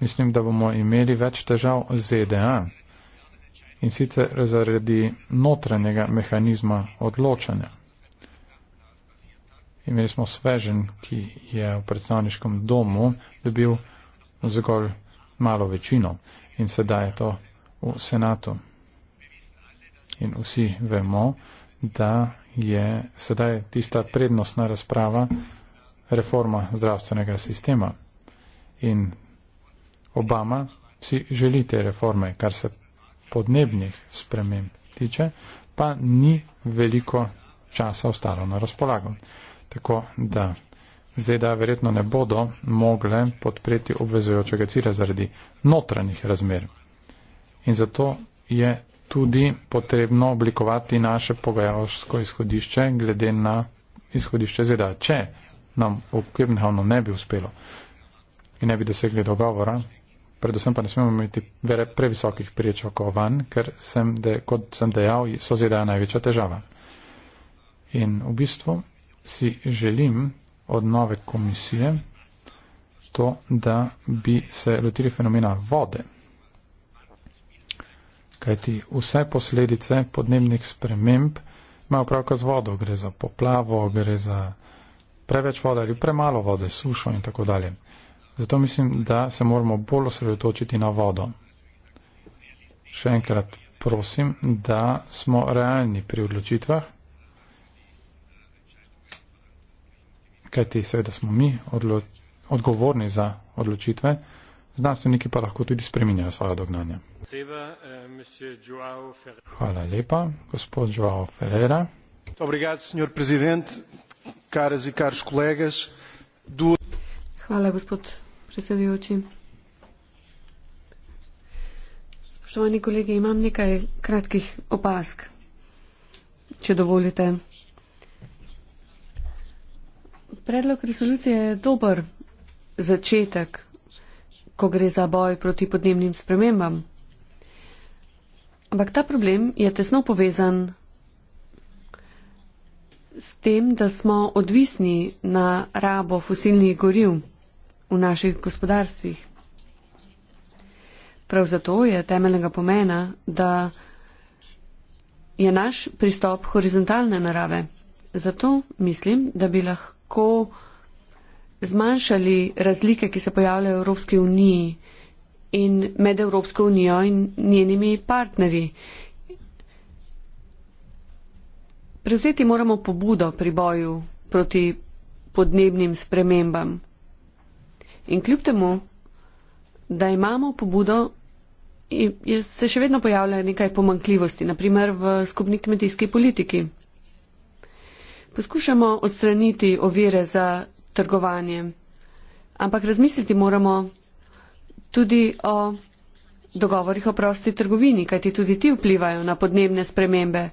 Mislim, da bomo imeli več težav z ZDA in sicer zaradi notranjega mehanizma odločanja. Imeli smo svežen, ki je v predstavniškem domu dobil zgolj malo večino in sedaj je to v senatu. In vsi vemo, da je sedaj tista prednostna razprava reforma zdravstvenega sistema. In Obama si želi te reforme, kar se podnebnih sprememb tiče, pa ni veliko časa ostalo na razpolago. Tako da ZDA verjetno ne bodo mogle podpreti obvezujočega cilja zaradi notranjih razmer. In zato je tudi potrebno oblikovati naše pogajalsko izhodišče glede na izhodišče ZDA. Če nam v Kibnehavnu ne bi uspelo in ne bi dosegli dogovora, predvsem pa ne smemo imeti vere previsokih pričakovanj, ker sem, de, kot sem dejal, so ZDA največja težava. In v bistvu si želim od nove komisije to, da bi se lotili fenomena vode kajti vse posledice podnebnih sprememb imajo pravka z vodo, gre za poplavo, gre za preveč vode ali premalo vode, sušo in tako dalje. Zato mislim, da se moramo bolj osredotočiti na vodo. Še enkrat prosim, da smo realni pri odločitvah, kajti seveda smo mi odlo odgovorni za odločitve znanstveniki pa lahko tudi spreminjajo svoje dognanja. Hvala lepa, gospod Joao Ferreira. Hvala, gospod predsedujoči. Spoštovani kolegi, imam nekaj kratkih opask, če dovolite. Predlog resolucije je dober začetek ko gre za boj proti podnebnim spremembam. Ampak ta problem je tesno povezan s tem, da smo odvisni na rabo fosilnih goriv v naših gospodarstvih. Prav zato je temeljnega pomena, da je naš pristop horizontalne narave. Zato mislim, da bi lahko zmanjšali razlike, ki se pojavljajo v Evropski uniji in med Evropsko unijo in njenimi partnerji. Prevzeti moramo pobudo pri boju proti podnebnim spremembam. In kljub temu, da imamo pobudo, se še vedno pojavlja nekaj pomankljivosti, naprimer v skupni kmetijski politiki. Poskušamo odstraniti ovire za trgovanjem. Ampak razmisliti moramo tudi o dogovorih o prosti trgovini, kajti tudi ti vplivajo na podnebne spremembe.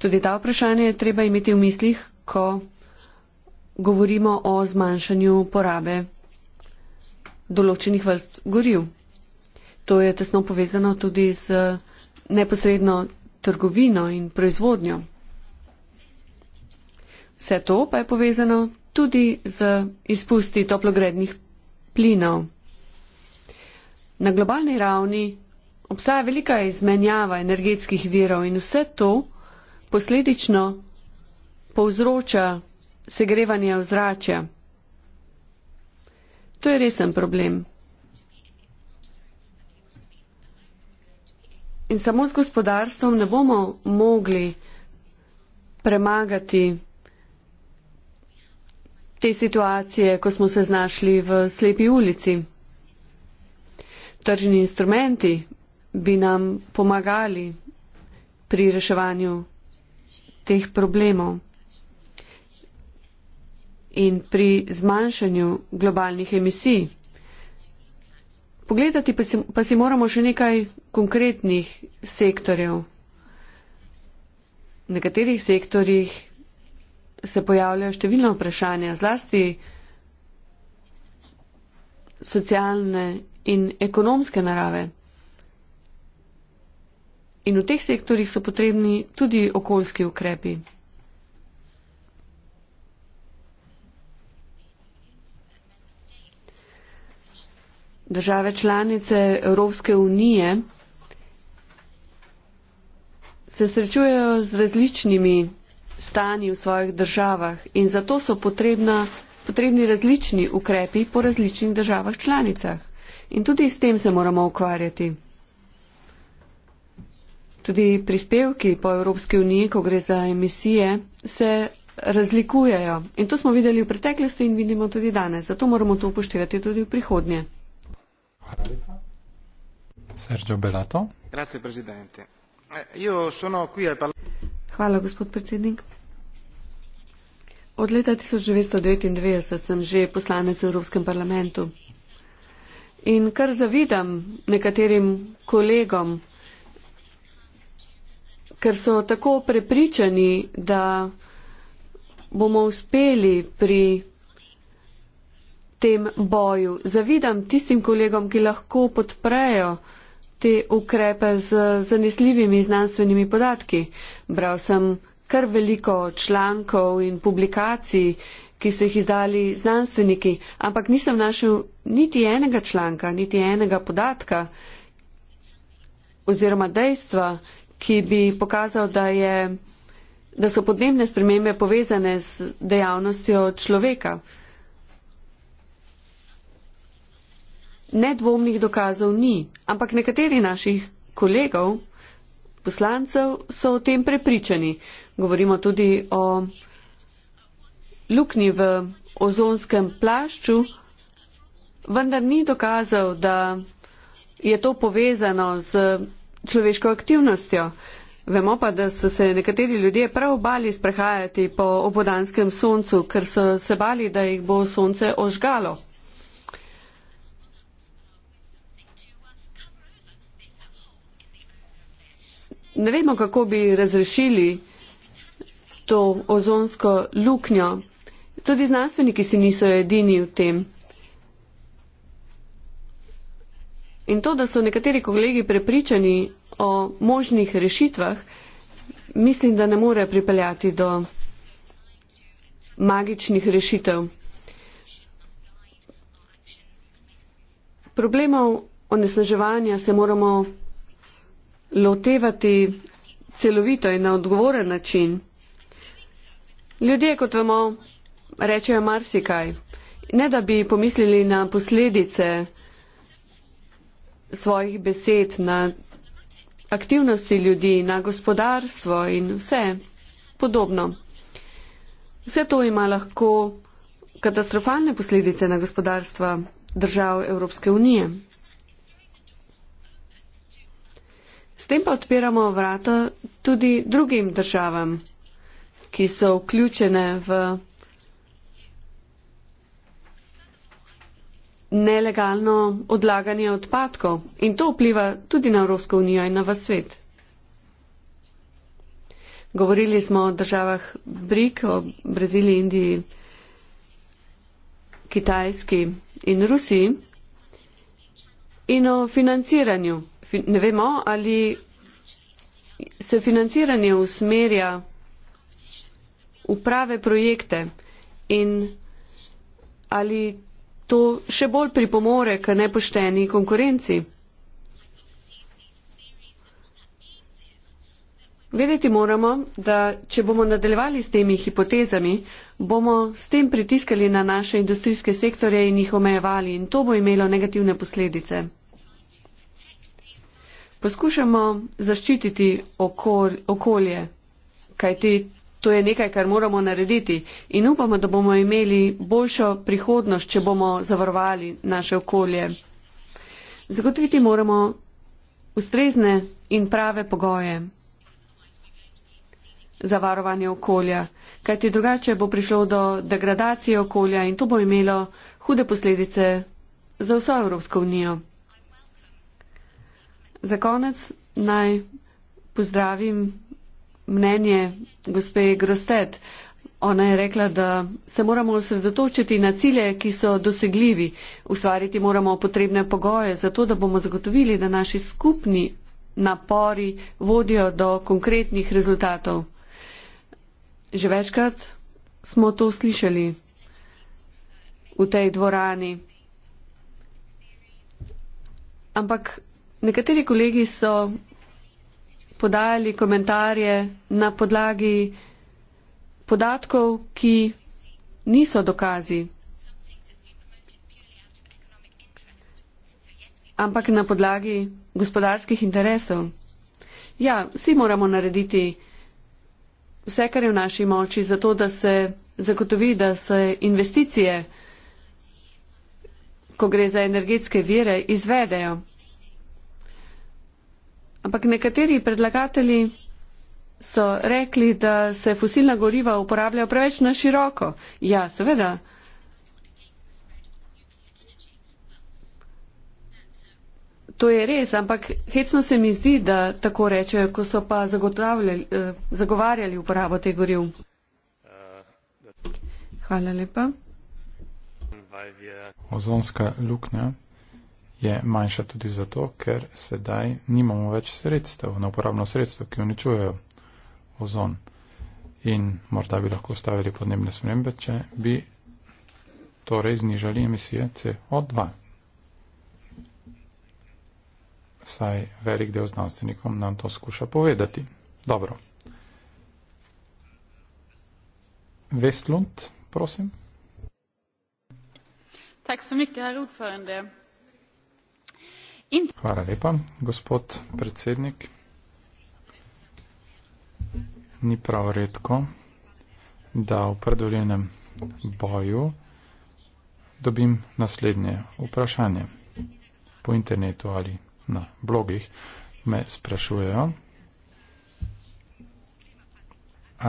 Tudi ta vprašanja je treba imeti v mislih, ko govorimo o zmanjšanju porabe določenih vrst goriv. To je tesno povezano tudi z neposredno trgovino in proizvodnjo. Vse to pa je povezano tudi z izpusti toplogrednih plinov. Na globalni ravni obstaja velika izmenjava energetskih virov in vse to posledično povzroča segrevanje ozračja. To je resen problem. In samo z gospodarstvom ne bomo mogli premagati te situacije, ko smo se znašli v slepi ulici. Tržni instrumenti bi nam pomagali pri reševanju teh problemov in pri zmanjšanju globalnih emisij. Pogledati pa si, pa si moramo še nekaj konkretnih sektorjev. Na katerih sektorjih se pojavljajo številna vprašanja, zlasti socialne in ekonomske narave. In v teh sektorjih so potrebni tudi okoljski ukrepi. Države članice Evropske unije se srečujejo z različnimi stanji v svojih državah in zato so potrebna, potrebni različni ukrepi po različnih državah članicah. In tudi s tem se moramo ukvarjati. Tudi prispevki po Evropski uniji, ko gre za emisije, se razlikujejo. In to smo videli v preteklosti in vidimo tudi danes. Zato moramo to upoštevati tudi v prihodnje. Sergio Belato. Grazie, Presidente. Eh, io sono qui al Parlamento. Hvala, gospod predsednik. Od leta 1999 sem že poslanec v Evropskem parlamentu. In kar zavidam nekaterim kolegom, ker so tako prepričani, da bomo uspeli pri tem boju. Zavidam tistim kolegom, ki lahko podprejo te ukrepe z zanesljivimi znanstvenimi podatki. Bral sem kar veliko člankov in publikacij, ki so jih izdali znanstveniki, ampak nisem našel niti enega članka, niti enega podatka oziroma dejstva, ki bi pokazal, da, je, da so podnebne spremembe povezane z dejavnostjo človeka. nedvomnih dokazov ni, ampak nekateri naših kolegov, poslancev, so o tem prepričani. Govorimo tudi o luknji v ozonskem plašču, vendar ni dokazal, da je to povezano z človeško aktivnostjo. Vemo pa, da so se nekateri ljudje prav bali sprehajati po obodanskem soncu, ker so se bali, da jih bo sonce ožgalo. ne vemo, kako bi razrešili to ozonsko luknjo. Tudi znanstveniki si niso edini v tem. In to, da so nekateri kolegi prepričani o možnih rešitvah, mislim, da ne more pripeljati do magičnih rešitev. Problemov onesnaževanja se moramo lotevati celovito in na odgovoren način. Ljudje, kot vemo, rečejo marsikaj, ne da bi pomislili na posledice svojih besed, na aktivnosti ljudi, na gospodarstvo in vse podobno. Vse to ima lahko katastrofalne posledice na gospodarstva držav Evropske unije. S tem pa odpiramo vrata tudi drugim državam, ki so vključene v nelegalno odlaganje odpadkov in to vpliva tudi na Evropsko unijo in na vas svet. Govorili smo o državah BRIK, o Braziliji, Indiji, Kitajski in Rusiji in o financiranju ne vemo, ali se financiranje usmerja v prave projekte in ali to še bolj pripomore k nepošteni konkurenci. Vedeti moramo, da če bomo nadaljevali s temi hipotezami, bomo s tem pritiskali na naše industrijske sektore in jih omejevali in to bo imelo negativne posledice poskušamo zaščititi okol okolje, kajti to je nekaj, kar moramo narediti in upamo, da bomo imeli boljšo prihodnost, če bomo zavarovali naše okolje. Zagotoviti moramo ustrezne in prave pogoje za varovanje okolja, kajti drugače bo prišlo do degradacije okolja in to bo imelo hude posledice za vso Evropsko unijo. Za konec naj pozdravim mnenje gospe Grostet. Ona je rekla, da se moramo osredotočiti na cilje, ki so dosegljivi. Ustvariti moramo potrebne pogoje za to, da bomo zagotovili, da naši skupni napori vodijo do konkretnih rezultatov. Že večkrat smo to slišali v tej dvorani. Ampak Nekateri kolegi so podajali komentarje na podlagi podatkov, ki niso dokazi, ampak na podlagi gospodarskih interesov. Ja, vsi moramo narediti vse, kar je v naši moči, zato da se zagotovi, da se investicije, ko gre za energetske vire, izvedejo. Ampak nekateri predlagatelji so rekli, da se fosilna goriva uporabljajo preveč na široko. Ja, seveda. To je res, ampak hecno se mi zdi, da tako rečejo, ko so pa eh, zagovarjali uporabo te goriv. Hvala lepa. Ozonska luknja je manjša tudi zato, ker sedaj nimamo več sredstev, na uporabno sredstvo, ki uničujejo ozon. In morda bi lahko ustavili podnebne spremembe, če bi torej znižali emisije CO2. Saj velik del znanstvenikom nam to skuša povedati. Dobro. Vestlund, prosim. Tak so mykje, herr ordförande. In... Hvala lepa, gospod predsednik. Ni prav redko, da v predvoljenem boju dobim naslednje vprašanje po internetu ali na blogih. Me sprašujejo,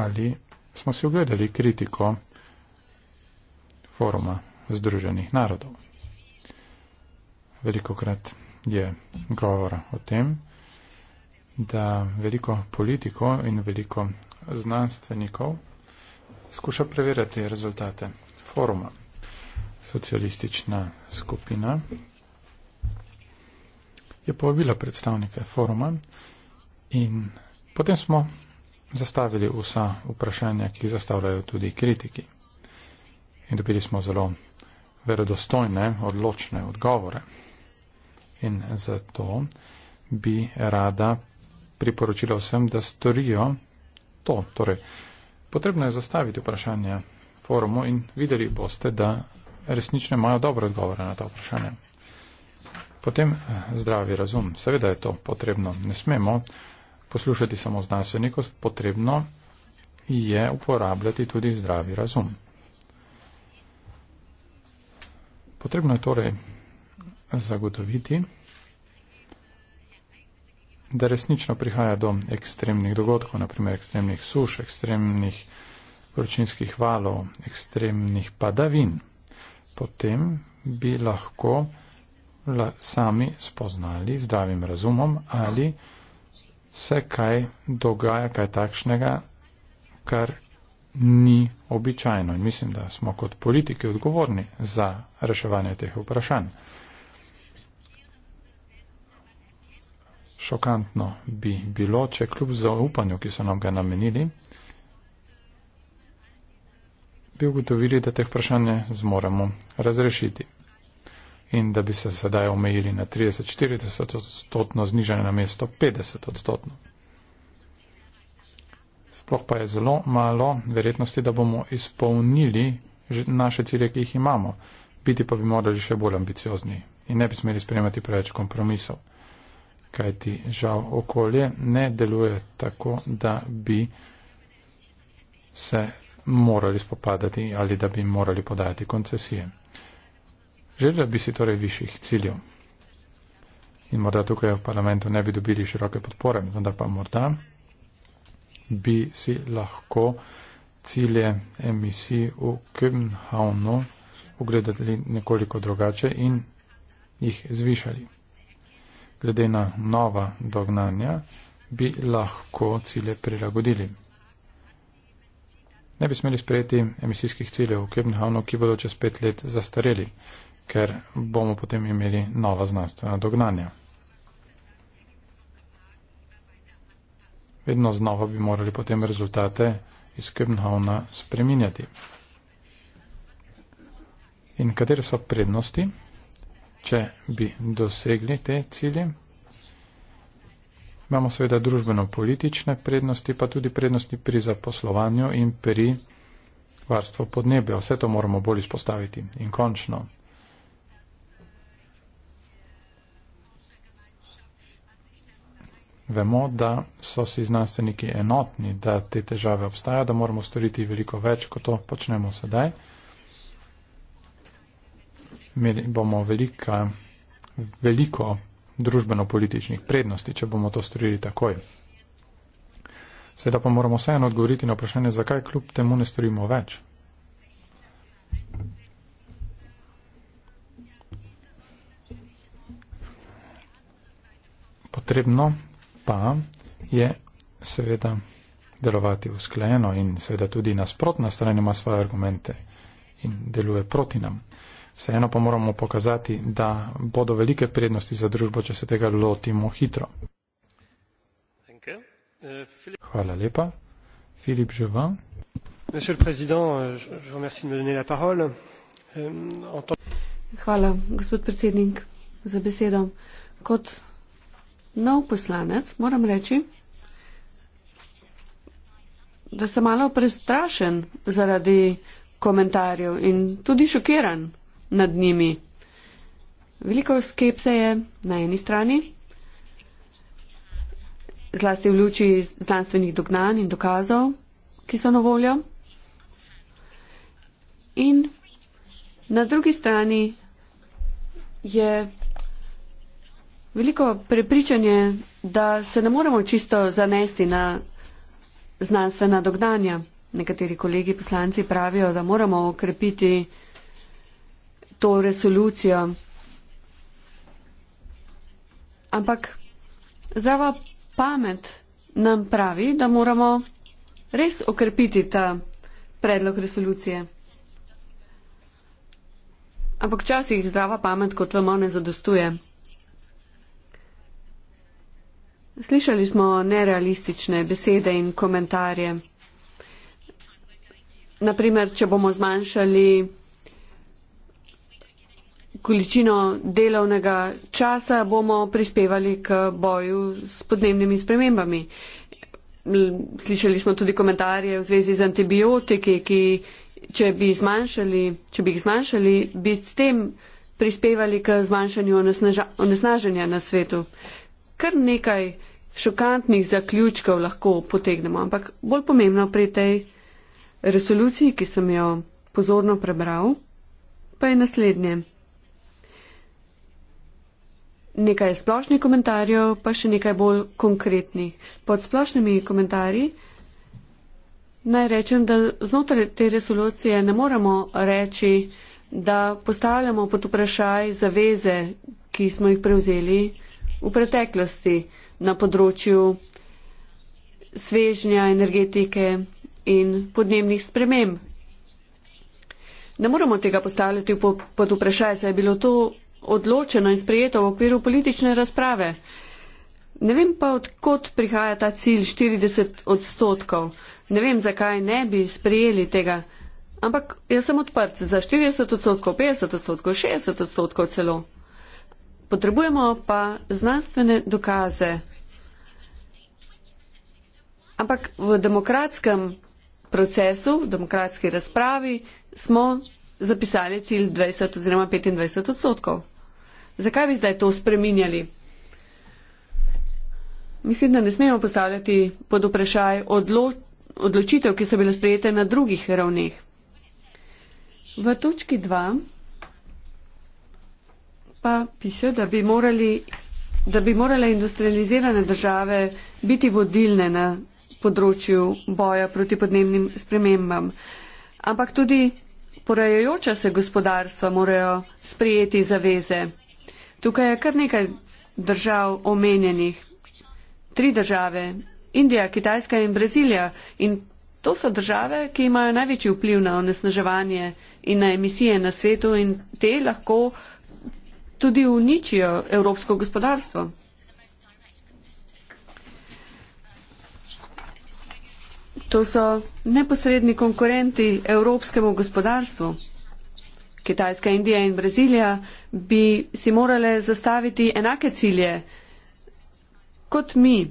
ali smo si ogledali kritiko foruma Združenih narodov. Veliko krat je govor o tem, da veliko politiko in veliko znanstvenikov skuša preverjati rezultate foruma. Socialistična skupina je povabila predstavnike foruma in potem smo zastavili vsa vprašanja, ki jih zastavljajo tudi kritiki. In dobili smo zelo verodostojne, odločne odgovore. In zato bi rada priporočila vsem, da storijo to. Torej, potrebno je zastaviti vprašanje forumu in videli boste, da resnično imajo dobre odgovore na ta vprašanja. Potem eh, zdravi razum. Seveda je to potrebno. Ne smemo poslušati samo znanstvenikov, potrebno je uporabljati tudi zdravi razum. Potrebno je torej zagotoviti, da resnično prihaja do ekstremnih dogodkov, naprimer ekstremnih suš, ekstremnih vročinskih valov, ekstremnih padavin, potem bi lahko la sami spoznali zdravim razumom, ali se kaj dogaja, kaj takšnega, kar ni običajno. In mislim, da smo kot politiki odgovorni za reševanje teh vprašanj. Šokantno bi bilo, če kljub zaupanju, ki so nam ga namenili, bi ugotovili, da teh vprašanj zmoremo razrešiti in da bi se sedaj omejili na 30-40 odstotno znižanje na mesto 50 odstotno. Sploh pa je zelo malo verjetnosti, da bomo izpolnili naše cilje, ki jih imamo. Biti pa bi morali še bolj ambiciozni in ne bi smeli sprejemati preveč kompromisov kajti žal okolje ne deluje tako, da bi se morali spopadati ali da bi morali podajati koncesije. Želela bi si torej višjih ciljev. In morda tukaj v parlamentu ne bi dobili široke podpore, vendar pa morda bi si lahko cilje emisij v Kübnhavnu ugledali nekoliko drugače in jih zvišali glede na nova dognanja, bi lahko cilje prilagodili. Ne bi smeli sprejeti emisijskih ciljev v Kebnhavnu, ki bodo čez pet let zastareli, ker bomo potem imeli nova znanstvena dognanja. Vedno znova bi morali potem rezultate iz Kebnhavna spreminjati. In katere so prednosti če bi dosegli te cilje. Imamo seveda družbeno-politične prednosti, pa tudi prednosti pri zaposlovanju in pri varstvu podnebja. Vse to moramo bolj izpostaviti. In končno. Vemo, da so si znanstveniki enotni, da te težave obstajajo, da moramo storiti veliko več, kot to počnemo sedaj imeli bomo velika, veliko družbeno-političnih prednosti, če bomo to storili takoj. Seveda pa moramo vseeno odgovoriti na vprašanje, zakaj kljub temu ne storimo več. Potrebno pa je seveda delovati usklajeno in seveda tudi nasprotna stran ima svoje argumente in deluje proti nam. Vseeno pa moramo pokazati, da bodo velike prednosti za družbo, če se tega lotimo hitro. Uh, Hvala lepa. Filip Žuvan. Euh, Hvala, gospod predsednik, za besedo. Kot nov poslanec moram reči, da sem malo prestrašen zaradi komentarjev in tudi šokiran nad njimi. Veliko skepse je na eni strani, zlasti v luči znanstvenih dognanj in dokazov, ki so na voljo. In na drugi strani je veliko prepričanje, da se ne moremo čisto zanesti na znanstvena dognanja. Nekateri kolegi poslanci pravijo, da moramo okrepiti to resolucijo. Ampak zdrava pamet nam pravi, da moramo res okrepiti ta predlog resolucije. Ampak včasih zdrava pamet kot vemo ne zadostuje. Slišali smo nerealistične besede in komentarje. Naprimer, če bomo zmanjšali količino delovnega časa bomo prispevali k boju s podnebnimi spremembami. Slišali smo tudi komentarje v zvezi z antibiotiki, ki če bi, če bi jih zmanjšali, bi s tem prispevali k zmanjšanju onesnaženja na svetu. Kar nekaj šokantnih zaključkov lahko potegnemo, ampak bolj pomembno pri tej resoluciji, ki sem jo pozorno prebral, pa je naslednje. Nekaj splošnih komentarjev, pa še nekaj bolj konkretnih. Pod splošnimi komentarji naj rečem, da znotraj te resolucije ne moramo reči, da postavljamo pod vprašaj zaveze, ki smo jih prevzeli v preteklosti na področju svežnja energetike in podnebnih sprememb. Ne moramo tega postavljati pod vprašaj, saj je bilo to odločeno in sprejeto v okviru politične razprave. Ne vem pa, odkot prihaja ta cilj 40 odstotkov. Ne vem, zakaj ne bi sprejeli tega. Ampak jaz sem odprt za 40 odstotkov, 50 odstotkov, 60 odstotkov celo. Potrebujemo pa znanstvene dokaze. Ampak v demokratskem procesu, v demokratski razpravi smo zapisali cilj 20 oziroma 25 odstotkov. Zakaj bi zdaj to spreminjali? Mislim, da ne smemo postavljati pod vprašaj odlo odločitev, ki so bile sprejete na drugih ravneh. V točki 2 pa piše, da bi, morali, da bi morale industrializirane države biti vodilne na področju boja proti podnebnim spremembam. Ampak tudi porajajoča se gospodarstva morajo sprejeti zaveze. Tukaj je kar nekaj držav omenjenih. Tri države. Indija, Kitajska in Brazilija. In to so države, ki imajo največji vpliv na onesnaževanje in na emisije na svetu in te lahko tudi uničijo evropsko gospodarstvo. To so neposredni konkurenti evropskemu gospodarstvu. Kitajska, Indija in Brazilija, bi si morale zastaviti enake cilje kot mi.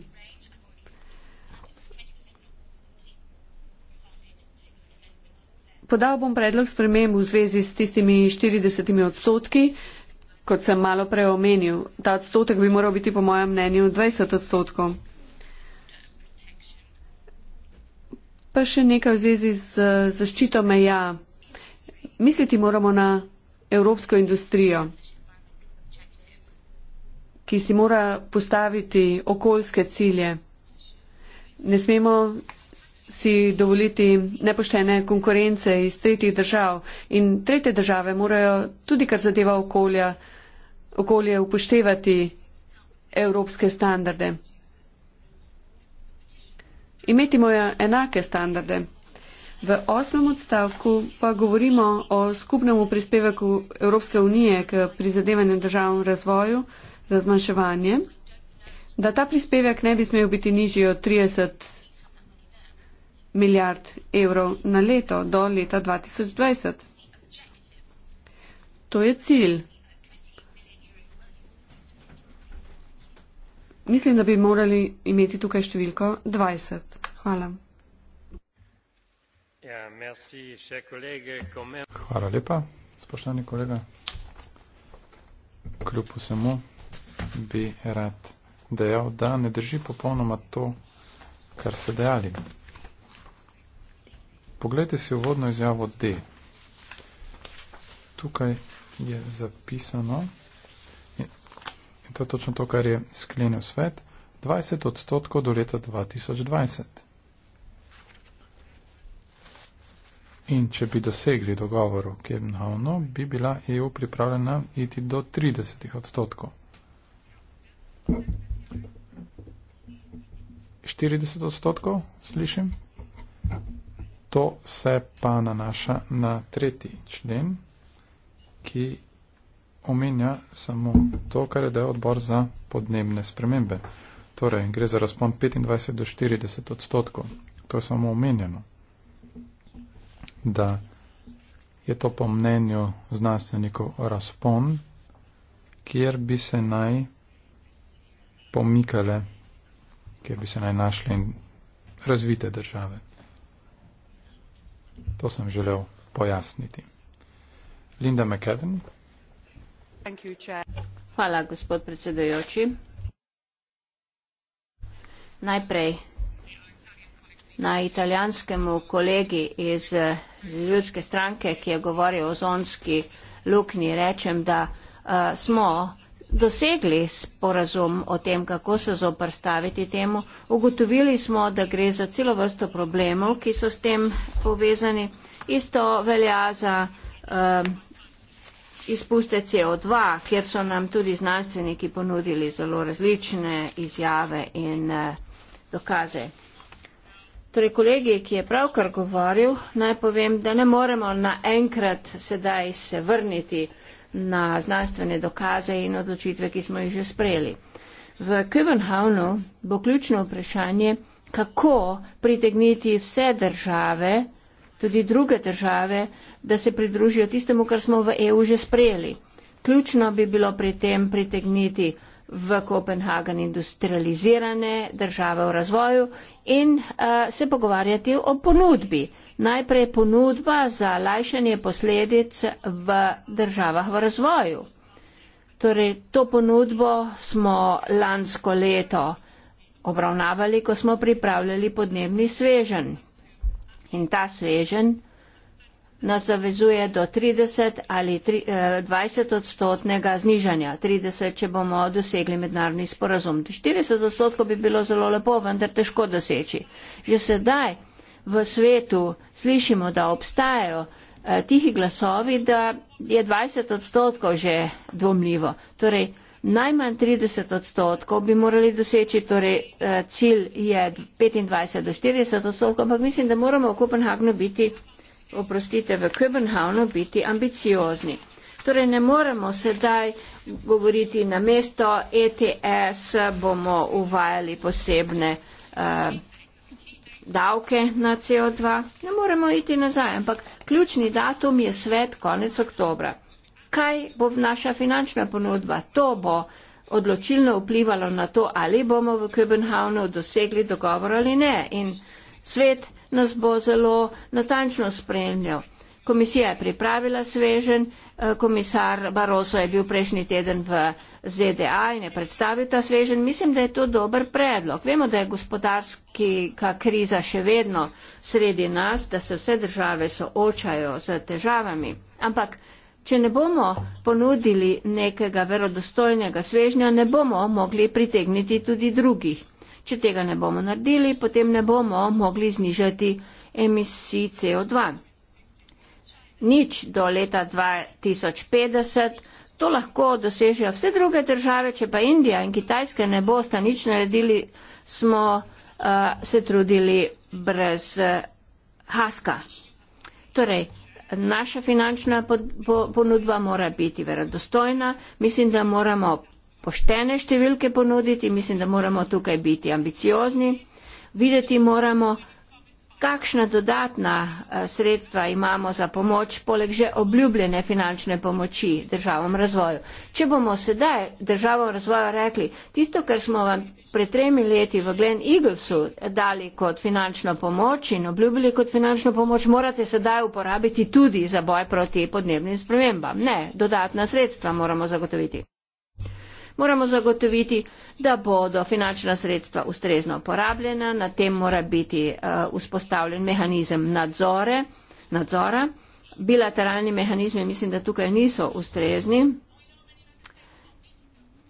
Podal bom predlog sprememb v zvezi s tistimi 40 odstotki, kot sem malo prej omenil. Ta odstotek bi moral biti po mojem mnenju 20 odstotkov. Pa še nekaj v zvezi z zaščito meja. Misliti moramo na evropsko industrijo, ki si mora postaviti okoljske cilje. Ne smemo si dovoliti nepoštene konkurence iz tretjih držav in tretje države morajo tudi, kar zadeva okolja, okolje, upoštevati evropske standarde. Imeti mojo enake standarde. V osmem odstavku pa govorimo o skupnem prispevku Evropske unije k prizadevanju držav v razvoju za zmanjševanje, da ta prispevek ne bi smel biti nižji od 30 milijard evrov na leto do leta 2020. To je cilj. Mislim, da bi morali imeti tukaj številko 20. Hvala. Ja, merci, kolege, komem... Hvala lepa, spoštovani kolega. Kljub vsemu bi rad dejal, da ne drži popolnoma to, kar ste dejali. Poglejte si uvodno izjavo D. Tukaj je zapisano, in to je točno to, kar je sklenil svet, 20 odstotkov do leta 2020. In če bi dosegli dogovor, kjer navno, bi bila EU pripravljena iti do 30 odstotkov. 40 odstotkov, slišim. To se pa nanaša na tretji člen, ki omenja samo to, kar je da odbor za podnebne spremembe. Torej, gre za razpon 25 do 40 odstotkov. To je samo omenjeno da je to po mnenju znanstvenikov razpon, kjer bi se naj pomikale, kjer bi se naj našle in razvite države. To sem želel pojasniti. Linda McKevin. Hvala, gospod predsedujoči. Najprej na italijanskemu kolegi iz ljudske stranke, ki je govoril o zonski luknji, rečem, da uh, smo dosegli sporazum o tem, kako se zoprstaviti temu. Ugotovili smo, da gre za celo vrsto problemov, ki so s tem povezani. Isto velja za uh, izpuste CO2, kjer so nam tudi znanstveniki ponudili zelo različne izjave in uh, dokaze. Torej, kolegi, ki je pravkar govoril, naj povem, da ne moremo naenkrat sedaj se vrniti na znanstvene dokaze in odločitve, ki smo jih že sprejeli. V Kübenhavnu bo ključno vprašanje, kako pritegniti vse države, tudi druge države, da se pridružijo tistemu, kar smo v EU že sprejeli. Ključno bi bilo pri tem pritegniti v Kopenhagen industrializirane države v razvoju in uh, se pogovarjati o ponudbi. Najprej ponudba za lajšanje posledic v državah v razvoju. Torej, to ponudbo smo lansko leto obravnavali, ko smo pripravljali podnebni svežen. In ta svežen nas zavezuje do 30 ali 20 eh, odstotnega znižanja, 30, če bomo dosegli mednarodni sporazum. 40 odstotkov bi bilo zelo lepo, vendar težko doseči. Že sedaj v svetu slišimo, da obstajajo eh, tihi glasovi, da je 20 odstotkov že dvomljivo. Torej, najmanj 30 odstotkov bi morali doseči, torej eh, cilj je 25 do 40 odstotkov, ampak mislim, da moramo v Kopenhagnu biti oprostite, v Kopenhavnu biti ambiciozni. Torej ne moremo sedaj govoriti na mesto ETS, bomo uvajali posebne uh, davke na CO2, ne moremo iti nazaj, ampak ključni datum je svet konec oktobra. Kaj bo naša finančna ponudba? To bo odločilno vplivalo na to, ali bomo v Kopenhavnu dosegli dogovor ali ne. In svet nas bo zelo natančno spremljal. Komisija je pripravila svežen, eh, komisar Baroso je bil prejšnji teden v ZDA in je predstavil ta svežen. Mislim, da je to dober predlog. Vemo, da je gospodarska kriza še vedno sredi nas, da se vse države soočajo z težavami. Ampak, če ne bomo ponudili nekega verodostojnega svežnja, ne bomo mogli pritegniti tudi drugih. Če tega ne bomo naredili, potem ne bomo mogli znižati emisij CO2. Nič do leta 2050. To lahko dosežejo vse druge države, če pa Indija in Kitajska ne bosta nič naredili, smo uh, se trudili brez uh, haska. Torej, naša finančna ponudba mora biti verodostojna. Mislim, da moramo poštene številke ponuditi, mislim, da moramo tukaj biti ambiciozni, videti moramo, kakšna dodatna eh, sredstva imamo za pomoč, poleg že obljubljene finančne pomoči državam razvoju. Če bomo sedaj državam razvoja rekli, tisto, kar smo vam pred tremi leti v Glen Eaglesu dali kot finančno pomoč in obljubili kot finančno pomoč, morate sedaj uporabiti tudi za boj proti podnebnim spremembam. Ne, dodatna sredstva moramo zagotoviti moramo zagotoviti, da bodo finančna sredstva ustrezno uporabljena, na tem mora biti uh, vzpostavljen mehanizem nadzore, nadzora. Bilateralni mehanizmi mislim, da tukaj niso ustrezni.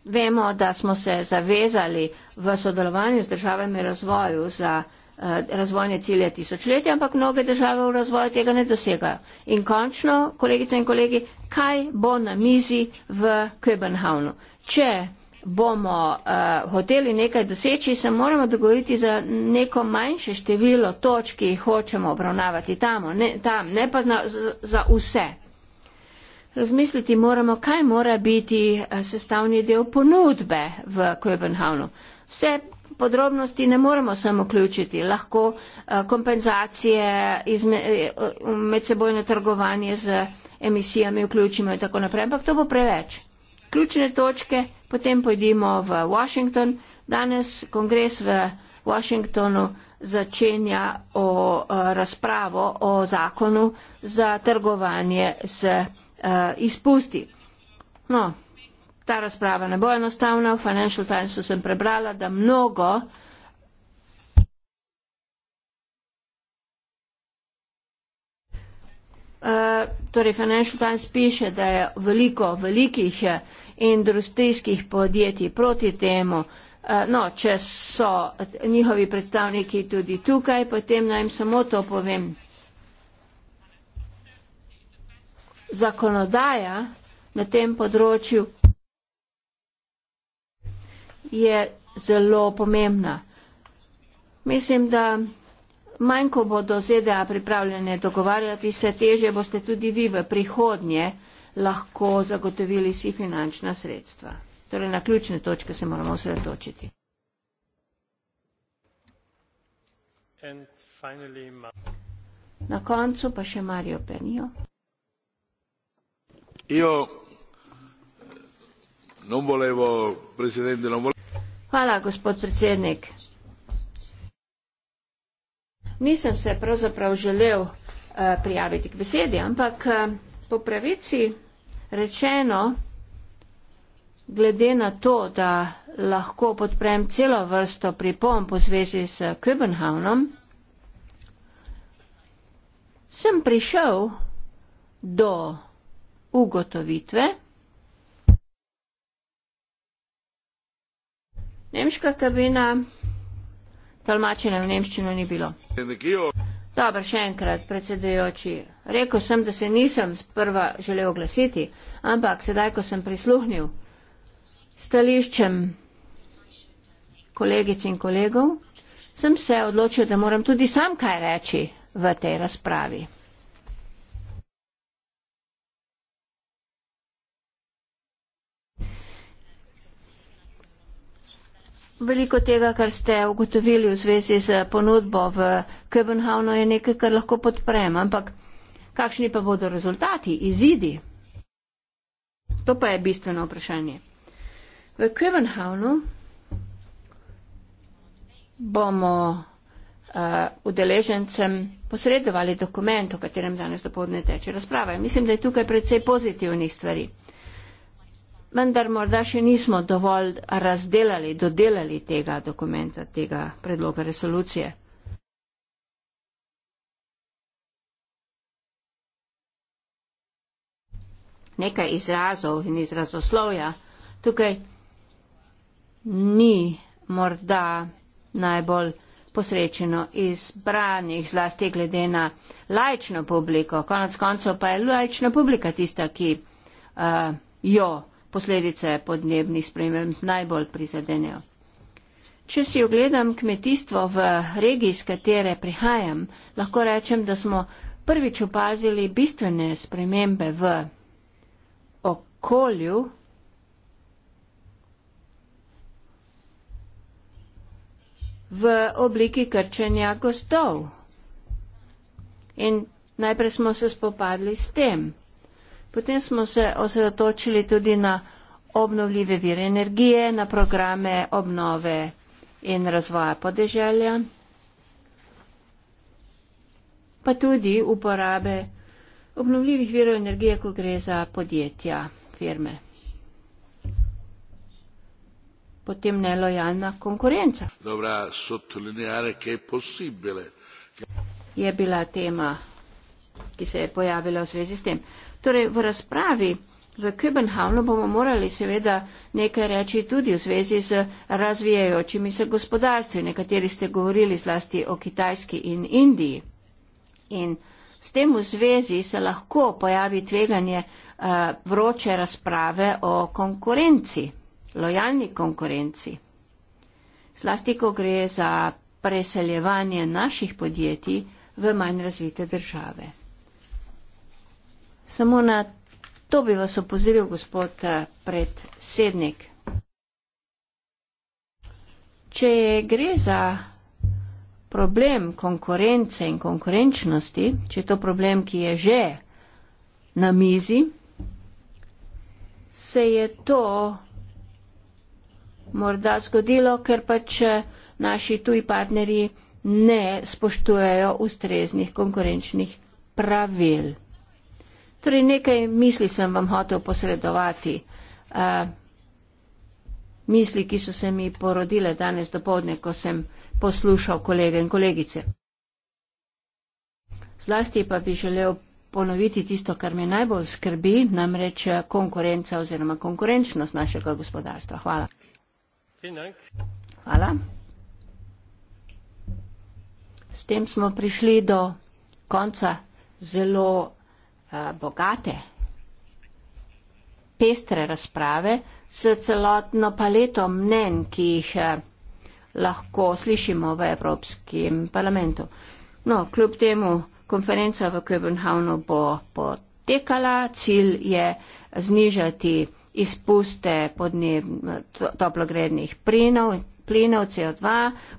Vemo, da smo se zavezali v sodelovanju z državami razvoju za eh, razvojne cilje tisočletja, ampak mnoge države v razvoju tega ne dosegajo. In končno, kolegice in kolegi, kaj bo na mizi v Köbenhavnu? če bomo uh, hoteli nekaj doseči, se moramo dogovoriti za neko manjše število točk, ki jih hočemo obravnavati tamo, ne, tam, ne pa na, za, za vse. Razmisliti moramo, kaj mora biti eh, sestavni del ponudbe v Kopenhavnu. Vse podrobnosti ne moramo samo vključiti, lahko eh, kompenzacije, medsebojno trgovanje z emisijami vključimo in tako naprej, ampak to bo preveč ključne točke, potem pojdimo v Washington. Danes kongres v Washingtonu začenja o, o eh, razpravo o zakonu za trgovanje z eh, izpusti. No, ta razprava ne bo enostavna. V Financial Timesu sem prebrala, da mnogo Eh, torej Financial Times piše, da je veliko velikih eh, industrijskih podjetij proti temu, eh, No, če so njihovi predstavniki tudi tukaj, potem naj jim samo to povem. Zakonodaja na tem področju je zelo pomembna. Mislim, da manj ko bodo ZDA pripravljene dogovarjati se, teže boste tudi vi v prihodnje lahko zagotovili si finančna sredstva. Torej na ključne točke se moramo osredotočiti. Na koncu pa še Mario Penijo. Io non volevo, presidente, non volevo. Hvala, gospod predsednik nisem se pravzaprav želel eh, prijaviti k besedi, ampak eh, po pravici rečeno, glede na to, da lahko podprem celo vrsto pripomb v zvezi s Köbenhavnom, sem prišel do ugotovitve, Nemška kabina Tolmačenja v nemščino ni bilo. Dobro, še enkrat, predsedujoči. Rekl sem, da se nisem sprva želel oglasiti, ampak sedaj, ko sem prisluhnil stališčem kolegic in kolegov, sem se odločil, da moram tudi sam kaj reči v tej razpravi. Veliko tega, kar ste ugotovili v zvezi z ponudbo v Köbenhavnu, je nekaj, kar lahko podprem, ampak kakšni pa bodo rezultati, izidi? To pa je bistveno vprašanje. V Köbenhavnu bomo eh, udeležencem uh, posredovali dokument, o katerem danes dopovdne teče razprava. Mislim, da je tukaj predvsej pozitivnih stvari vendar morda še nismo dovolj razdelali, dodelali tega dokumenta, tega predloga resolucije. Nekaj izrazov in izrazoslovja tukaj ni morda najbolj posrečeno izbranih, zlasti glede na lajčno publiko. Konec koncev pa je lajčna publika tista, ki uh, jo posledice podnebnih sprememb najbolj prizadenejo. Če si ogledam kmetijstvo v regiji, z katere prihajam, lahko rečem, da smo prvič opazili bistvene spremembe v okolju. v obliki krčenja gostov. In najprej smo se spopadli s tem. Potem smo se osredotočili tudi na obnovljive vire energije, na programe obnove in razvoja podeželja, pa tudi uporabe obnovljivih virov energije, ko gre za podjetja, firme. Potem nelojalna konkurenca. Dobra, sottolineare, che è possibile. Je bila tema, ki se je pojavila v zvezi s tem. Torej, v razpravi v Köbenhavnu bomo morali seveda nekaj reči tudi v zvezi z razvijajočimi se gospodarstvi. Nekateri ste govorili zlasti o Kitajski in Indiji. In s tem v zvezi se lahko pojavi tveganje uh, vroče razprave o konkurenci, lojalni konkurenci. Zlasti, ko gre za preseljevanje naših podjetij v manj razvite države. Samo na to bi vas opozoril gospod eh, predsednik. Če gre za problem konkurence in konkurenčnosti, če je to problem, ki je že na mizi, se je to morda zgodilo, ker pač eh, naši tuji partnerji ne spoštujejo ustreznih konkurenčnih pravil. Torej, nekaj misli sem vam hotel posredovati. Uh, misli, ki so se mi porodile danes do povdne, ko sem poslušal kolege in kolegice. Zlasti pa bi želel ponoviti tisto, kar me najbolj skrbi, namreč konkurenca oziroma konkurenčnost našega gospodarstva. Hvala. Hvala. S tem smo prišli do konca zelo Eh, bogate, pestre razprave s celotno paleto mnen, ki jih eh, lahko slišimo v Evropskem parlamentu. No, kljub temu konferenca v Köbenhavnu bo potekala, cilj je znižati izpuste podnebnih toplogrednih plinov, plinov CO2,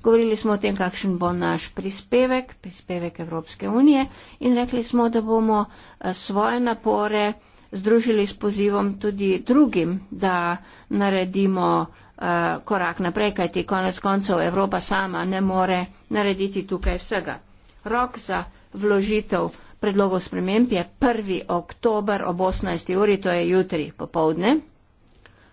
govorili smo o tem, kakšen bo naš prispevek, prispevek Evropske unije in rekli smo, da bomo eh, svoje napore združili s pozivom tudi drugim, da naredimo eh, korak naprej, kajti konec koncev Evropa sama ne more narediti tukaj vsega. Rok za vložitev predlogov sprememb je 1. oktober ob 18. uri, to je jutri popovdne.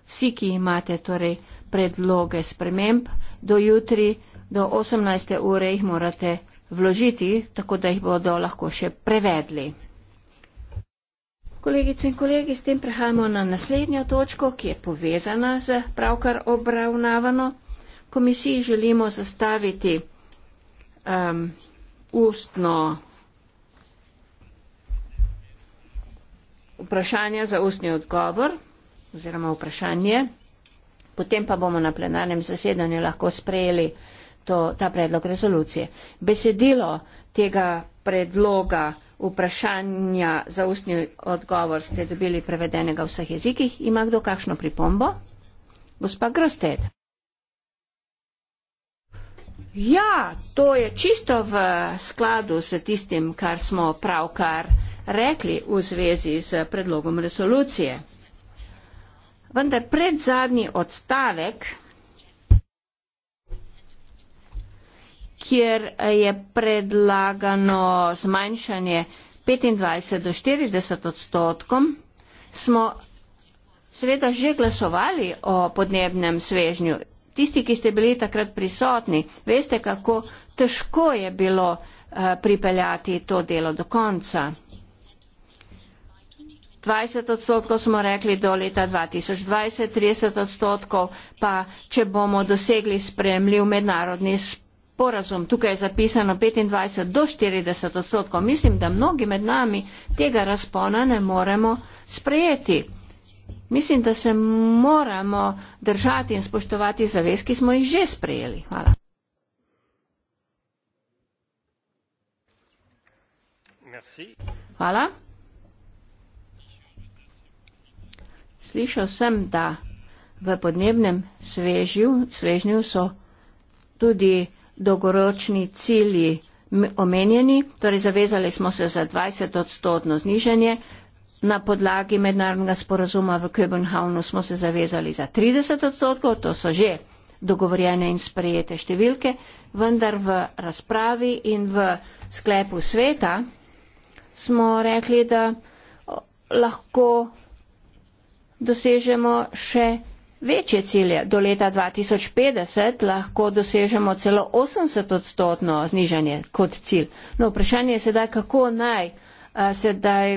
Vsi, ki imate torej predloge sprememb do jutri, do 18. ure jih morate vložiti, tako da jih bodo lahko še prevedli. Kolegice in kolegi, s tem prehajamo na naslednjo točko, ki je povezana z pravkar obravnavano. Komisiji želimo zastaviti um, ustno vprašanje za ustni odgovor oziroma vprašanje potem pa bomo na plenarnem zasedanju lahko sprejeli to, ta predlog rezolucije. Besedilo tega predloga vprašanja za ustni odgovor ste dobili prevedenega v vseh jezikih. Ima kdo kakšno pripombo? Gospa Grosted. Ja, to je čisto v skladu s tistim, kar smo pravkar rekli v zvezi s predlogom resolucije vendar pred zadnji odstavek, kjer je predlagano zmanjšanje 25 do 40 odstotkom, smo seveda že glasovali o podnebnem svežnju. Tisti, ki ste bili takrat prisotni, veste, kako težko je bilo eh, pripeljati to delo do konca dvajset odstotkov smo rekli do leta dva tisoč dvajset trideset odstotkov pa če bomo dosegli sprejemljiv mednarodni sporazum tukaj je zapisano petindvajset do štirideset odstotkov mislim da mnogi med nami tega razpona ne moremo sprejeti mislim da se moramo držati in spoštovati zavez ki smo jih že sprejeli hvala Hvala. Slišal sem, da v podnebnem svežju, svežnju so tudi dolgoročni cilji omenjeni, torej zavezali smo se za 20 odstotno zniženje. Na podlagi mednarodnega sporazuma v Köbenhavnu smo se zavezali za 30 odstotkov, to so že dogovorjene in sprejete številke, vendar v razpravi in v sklepu sveta smo rekli, da lahko dosežemo še večje cilje. Do leta 2050 lahko dosežemo celo 80 odstotno znižanje kot cilj. No, vprašanje je sedaj, kako naj sedaj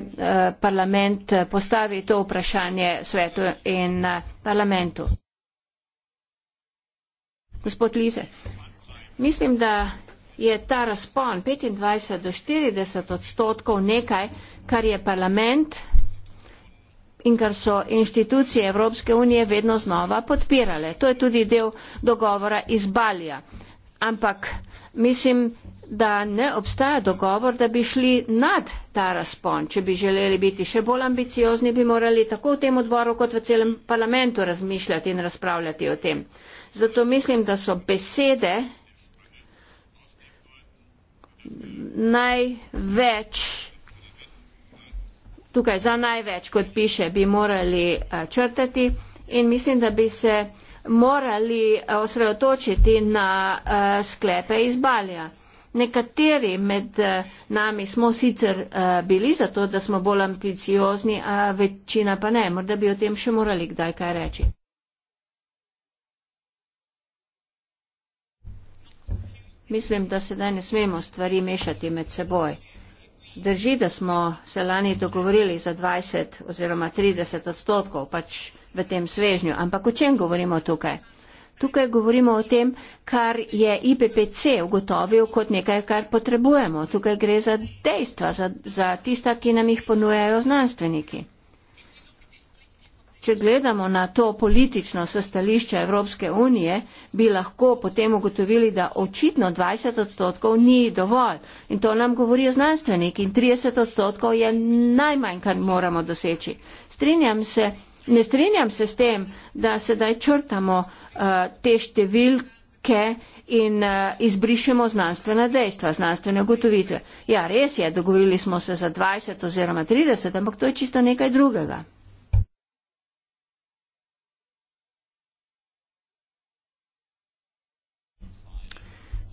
parlament postavi to vprašanje svetu in parlamentu. Gospod Lize, mislim, da je ta razpon 25 do 40 odstotkov nekaj, kar je parlament in kar so inštitucije Evropske unije vedno znova podpirale. To je tudi del dogovora iz Balija. Ampak mislim, da ne obstaja dogovor, da bi šli nad ta razpon. Če bi želeli biti še bolj ambiciozni, bi morali tako v tem odboru kot v celem parlamentu razmišljati in razpravljati o tem. Zato mislim, da so besede največ tukaj za največ, kot piše, bi morali eh, črtati in mislim, da bi se morali eh, osredotočiti na eh, sklepe iz Balja. Nekateri med nami smo sicer bili zato, da smo bolj ambiciozni, a večina pa ne, morda bi o tem še morali kdaj kaj reči. Mislim, da sedaj ne smemo stvari mešati med seboj. Drži, da smo se lani dogovorili za 20 oziroma 30 odstotkov pač v tem svežnju, ampak o čem govorimo tukaj? Tukaj govorimo o tem, kar je IPPC ugotovil kot nekaj, kar potrebujemo. Tukaj gre za dejstva, za, za tista, ki nam jih ponujajo znanstveniki. Če gledamo na to politično sestališče Evropske unije, bi lahko potem ugotovili, da očitno 20 odstotkov ni dovolj. In to nam govorijo znanstveniki. In 30 odstotkov je najmanj, kar moramo doseči. Strinjam se, ne strinjam se s tem, da sedaj črtamo uh, te številke in uh, izbrišemo znanstvene dejstva, znanstvene ugotovitve. Ja, res je, dogovorili smo se za 20 oziroma 30, ampak to je čisto nekaj drugega.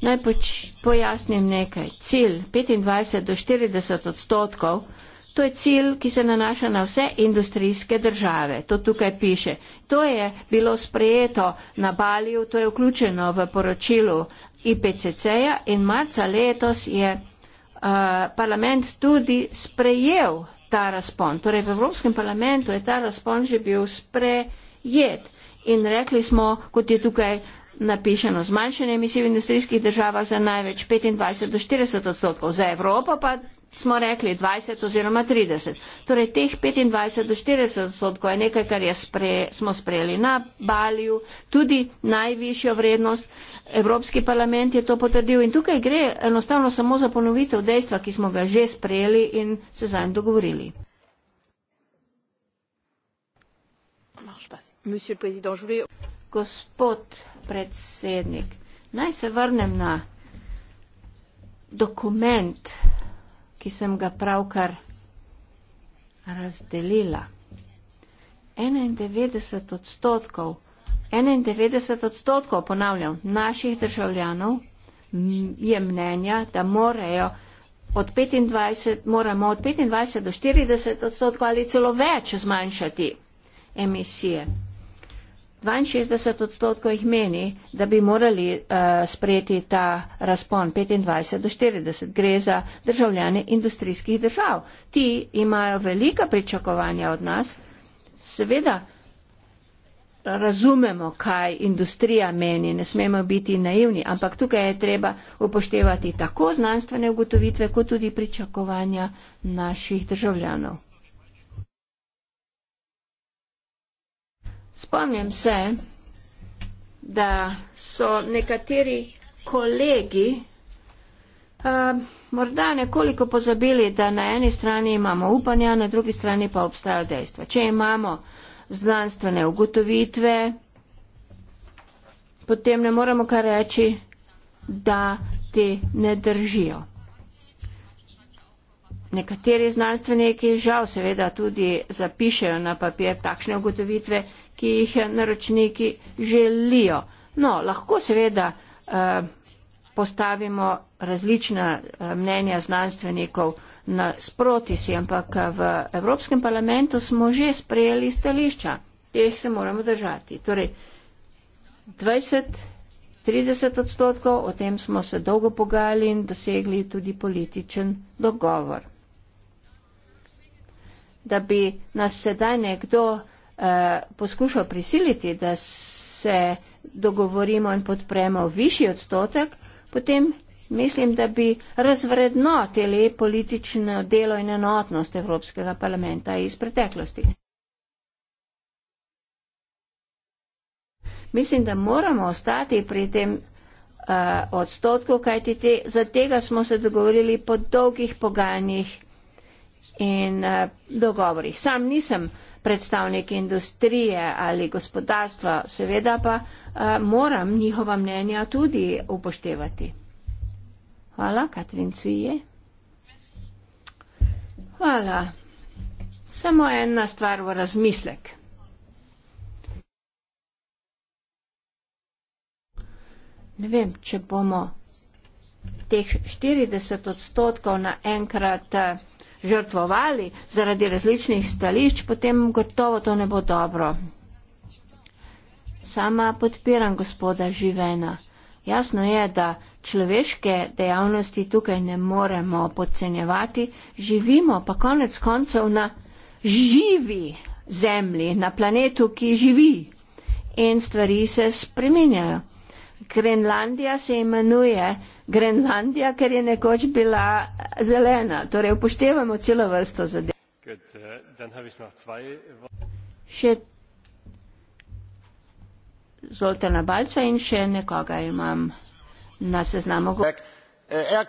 Naj poč, pojasnim nekaj. Cilj 25 do 40 odstotkov, to je cilj, ki se nanaša na vse industrijske države. To tukaj piše. To je bilo sprejeto na Baliju, to je vključeno v poročilu IPCC-ja in marca letos je uh, parlament tudi sprejel ta razpon. Torej v Evropskem parlamentu je ta razpon že bil sprejet. In rekli smo, kot je tukaj napišeno zmanjšanje emisij v industrijskih državah za največ 25 do 40 odstotkov, za Evropo pa smo rekli 20 oziroma 30. Torej teh 25 do 40 odstotkov je nekaj, kar je spre, smo sprejeli na Balju, tudi najvišjo vrednost. Evropski parlament je to potrdil in tukaj gre enostavno samo za ponovitev dejstva, ki smo ga že sprejeli in se zanj dogovorili. Gospod predsednik. Naj se vrnem na dokument, ki sem ga pravkar razdelila. 91 odstotkov, 91 odstotkov, ponavljam, naših državljanov je mnenja, da morajo od 25, moramo od 25 do 40 odstotkov ali celo več zmanjšati emisije. 62 odstotkov jih meni, da bi morali uh, sprejeti ta razpon 25 do 40. Gre za državljane industrijskih držav. Ti imajo velika pričakovanja od nas. Seveda razumemo, kaj industrija meni, ne smemo biti naivni, ampak tukaj je treba upoštevati tako znanstvene ugotovitve, kot tudi pričakovanja naših državljanov. Spomnim se, da so nekateri kolegi uh, morda nekoliko pozabili, da na eni strani imamo upanja, na drugi strani pa obstajajo dejstva. Če imamo znanstvene ugotovitve, potem ne moremo kar reči, da te ne držijo. Nekateri znanstveniki žal seveda tudi zapišejo na papir takšne ugotovitve, ki jih naročniki želijo. No, lahko seveda eh, postavimo različna eh, mnenja znanstvenikov na sproti si, ampak eh, v Evropskem parlamentu smo že sprejeli stališča. Teh se moramo držati. Torej, 20-30 odstotkov, o tem smo se dolgo pogajali in dosegli tudi političen dogovor da bi nas sedaj nekdo eh, poskušal prisiliti, da se dogovorimo in podpremo višji odstotek, potem mislim, da bi razvrednotili politično delo in enotnost Evropskega parlamenta iz preteklosti. Mislim, da moramo ostati pri tem uh, odstotku, kajti te, za tega smo se dogovorili po dolgih pogajanjih in uh, dogovorih. Sam nisem predstavnik industrije ali gospodarstva, seveda pa uh, moram njihova mnenja tudi upoštevati. Hvala, Katrin Cuije. Hvala. Samo ena stvar v razmislek. Ne vem, če bomo teh 40 odstotkov naenkrat uh, žrtvovali zaradi različnih stališč, potem gotovo to ne bo dobro. Sama podpiram gospoda Živena. Jasno je, da človeške dejavnosti tukaj ne moremo podcenjevati. Živimo pa konec koncev na živi zemlji, na planetu, ki živi. In stvari se spreminjajo. Grenlandija se imenuje Grenlandija, ker je nekoč bila zelena. Torej upoštevamo celo vrsto zadev. Uh, še Zoltana Balca in še nekoga imam na seznamu. Eh,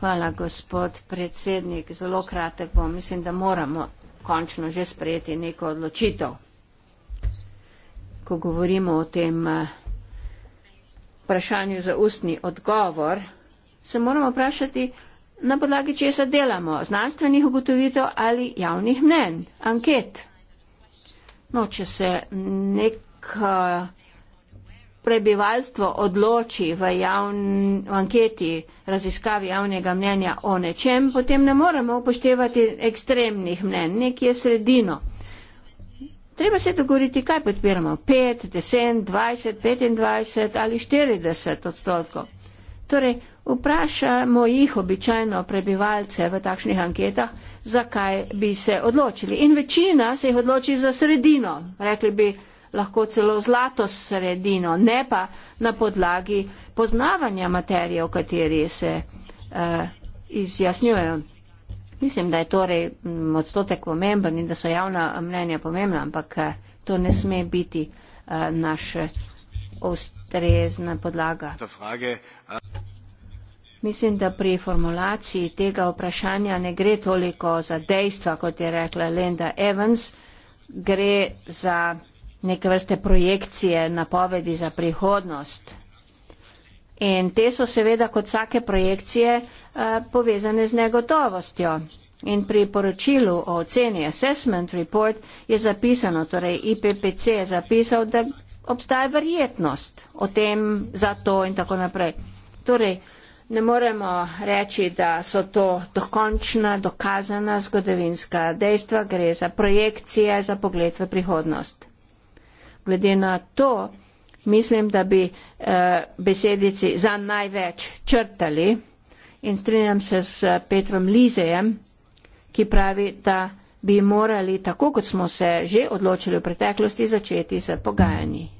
Hvala, gospod predsednik. Zelo kratek bom. Mislim, da moramo končno že sprejeti neko odločitev, ko govorimo o tem. Uh, vprašanju za ustni odgovor, se moramo vprašati, na podlagi česa delamo, znanstvenih ugotovitev ali javnih mnen, anket. No, če se nek eh, prebivalstvo odloči v, javn, v anketi raziskavi javnega mnenja o nečem, potem ne moremo upoštevati ekstremnih mnen, nekje sredino. Treba se dogovoriti, kaj podpiramo. 5, 10, 20, 25 ali 40 odstotkov. Torej, vprašamo jih običajno prebivalce v takšnih anketah, zakaj bi se odločili. In večina se jih odloči za sredino. Rekli bi lahko celo zlato sredino, ne pa na podlagi poznavanja materije, o kateri se uh, izjasnjujejo. Mislim, da je torej mm, odstotek pomemben in da so javna mnenja pomembna, ampak eh, to ne sme biti uh, eh, naša eh, ustrezna podlaga. Mislim, da pri formulaciji tega vprašanja ne gre toliko za dejstva, kot je rekla Linda Evans, gre za neke vrste projekcije, napovedi za prihodnost. In te so seveda kot vsake projekcije uh, Eh, povezane z negotovostjo. In pri poročilu o oceni Assessment Report je zapisano, torej IPPC je zapisal, da obstaja verjetnost o tem za to in tako naprej. Torej, ne moremo reči, da so to dokončna, dokazana zgodovinska dejstva, gre za projekcije, za pogled v prihodnost. Glede na to, mislim, da bi eh, besedici za največ črtali in strinjam se s eh, Petrom Lizejem, ki pravi, da bi morali, tako kot smo se že odločili v preteklosti, začeti z pogajanji.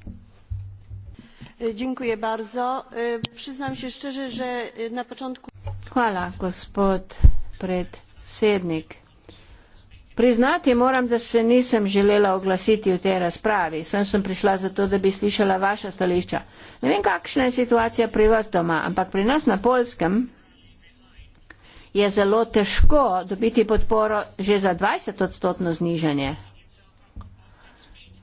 E, dziękuję bardzo. E, przyznam się szczerze, że e, na początku. Hvala, gospod predsednik. Priznati moram, da se nisem želela oglasiti v tej razpravi. Sem sem prišla zato, da bi slišala vaša stališča. Ne vem, kakšna je situacija pri vas doma, ampak pri nas na Polskem je zelo težko dobiti podporo že za 20 odstotno znižanje.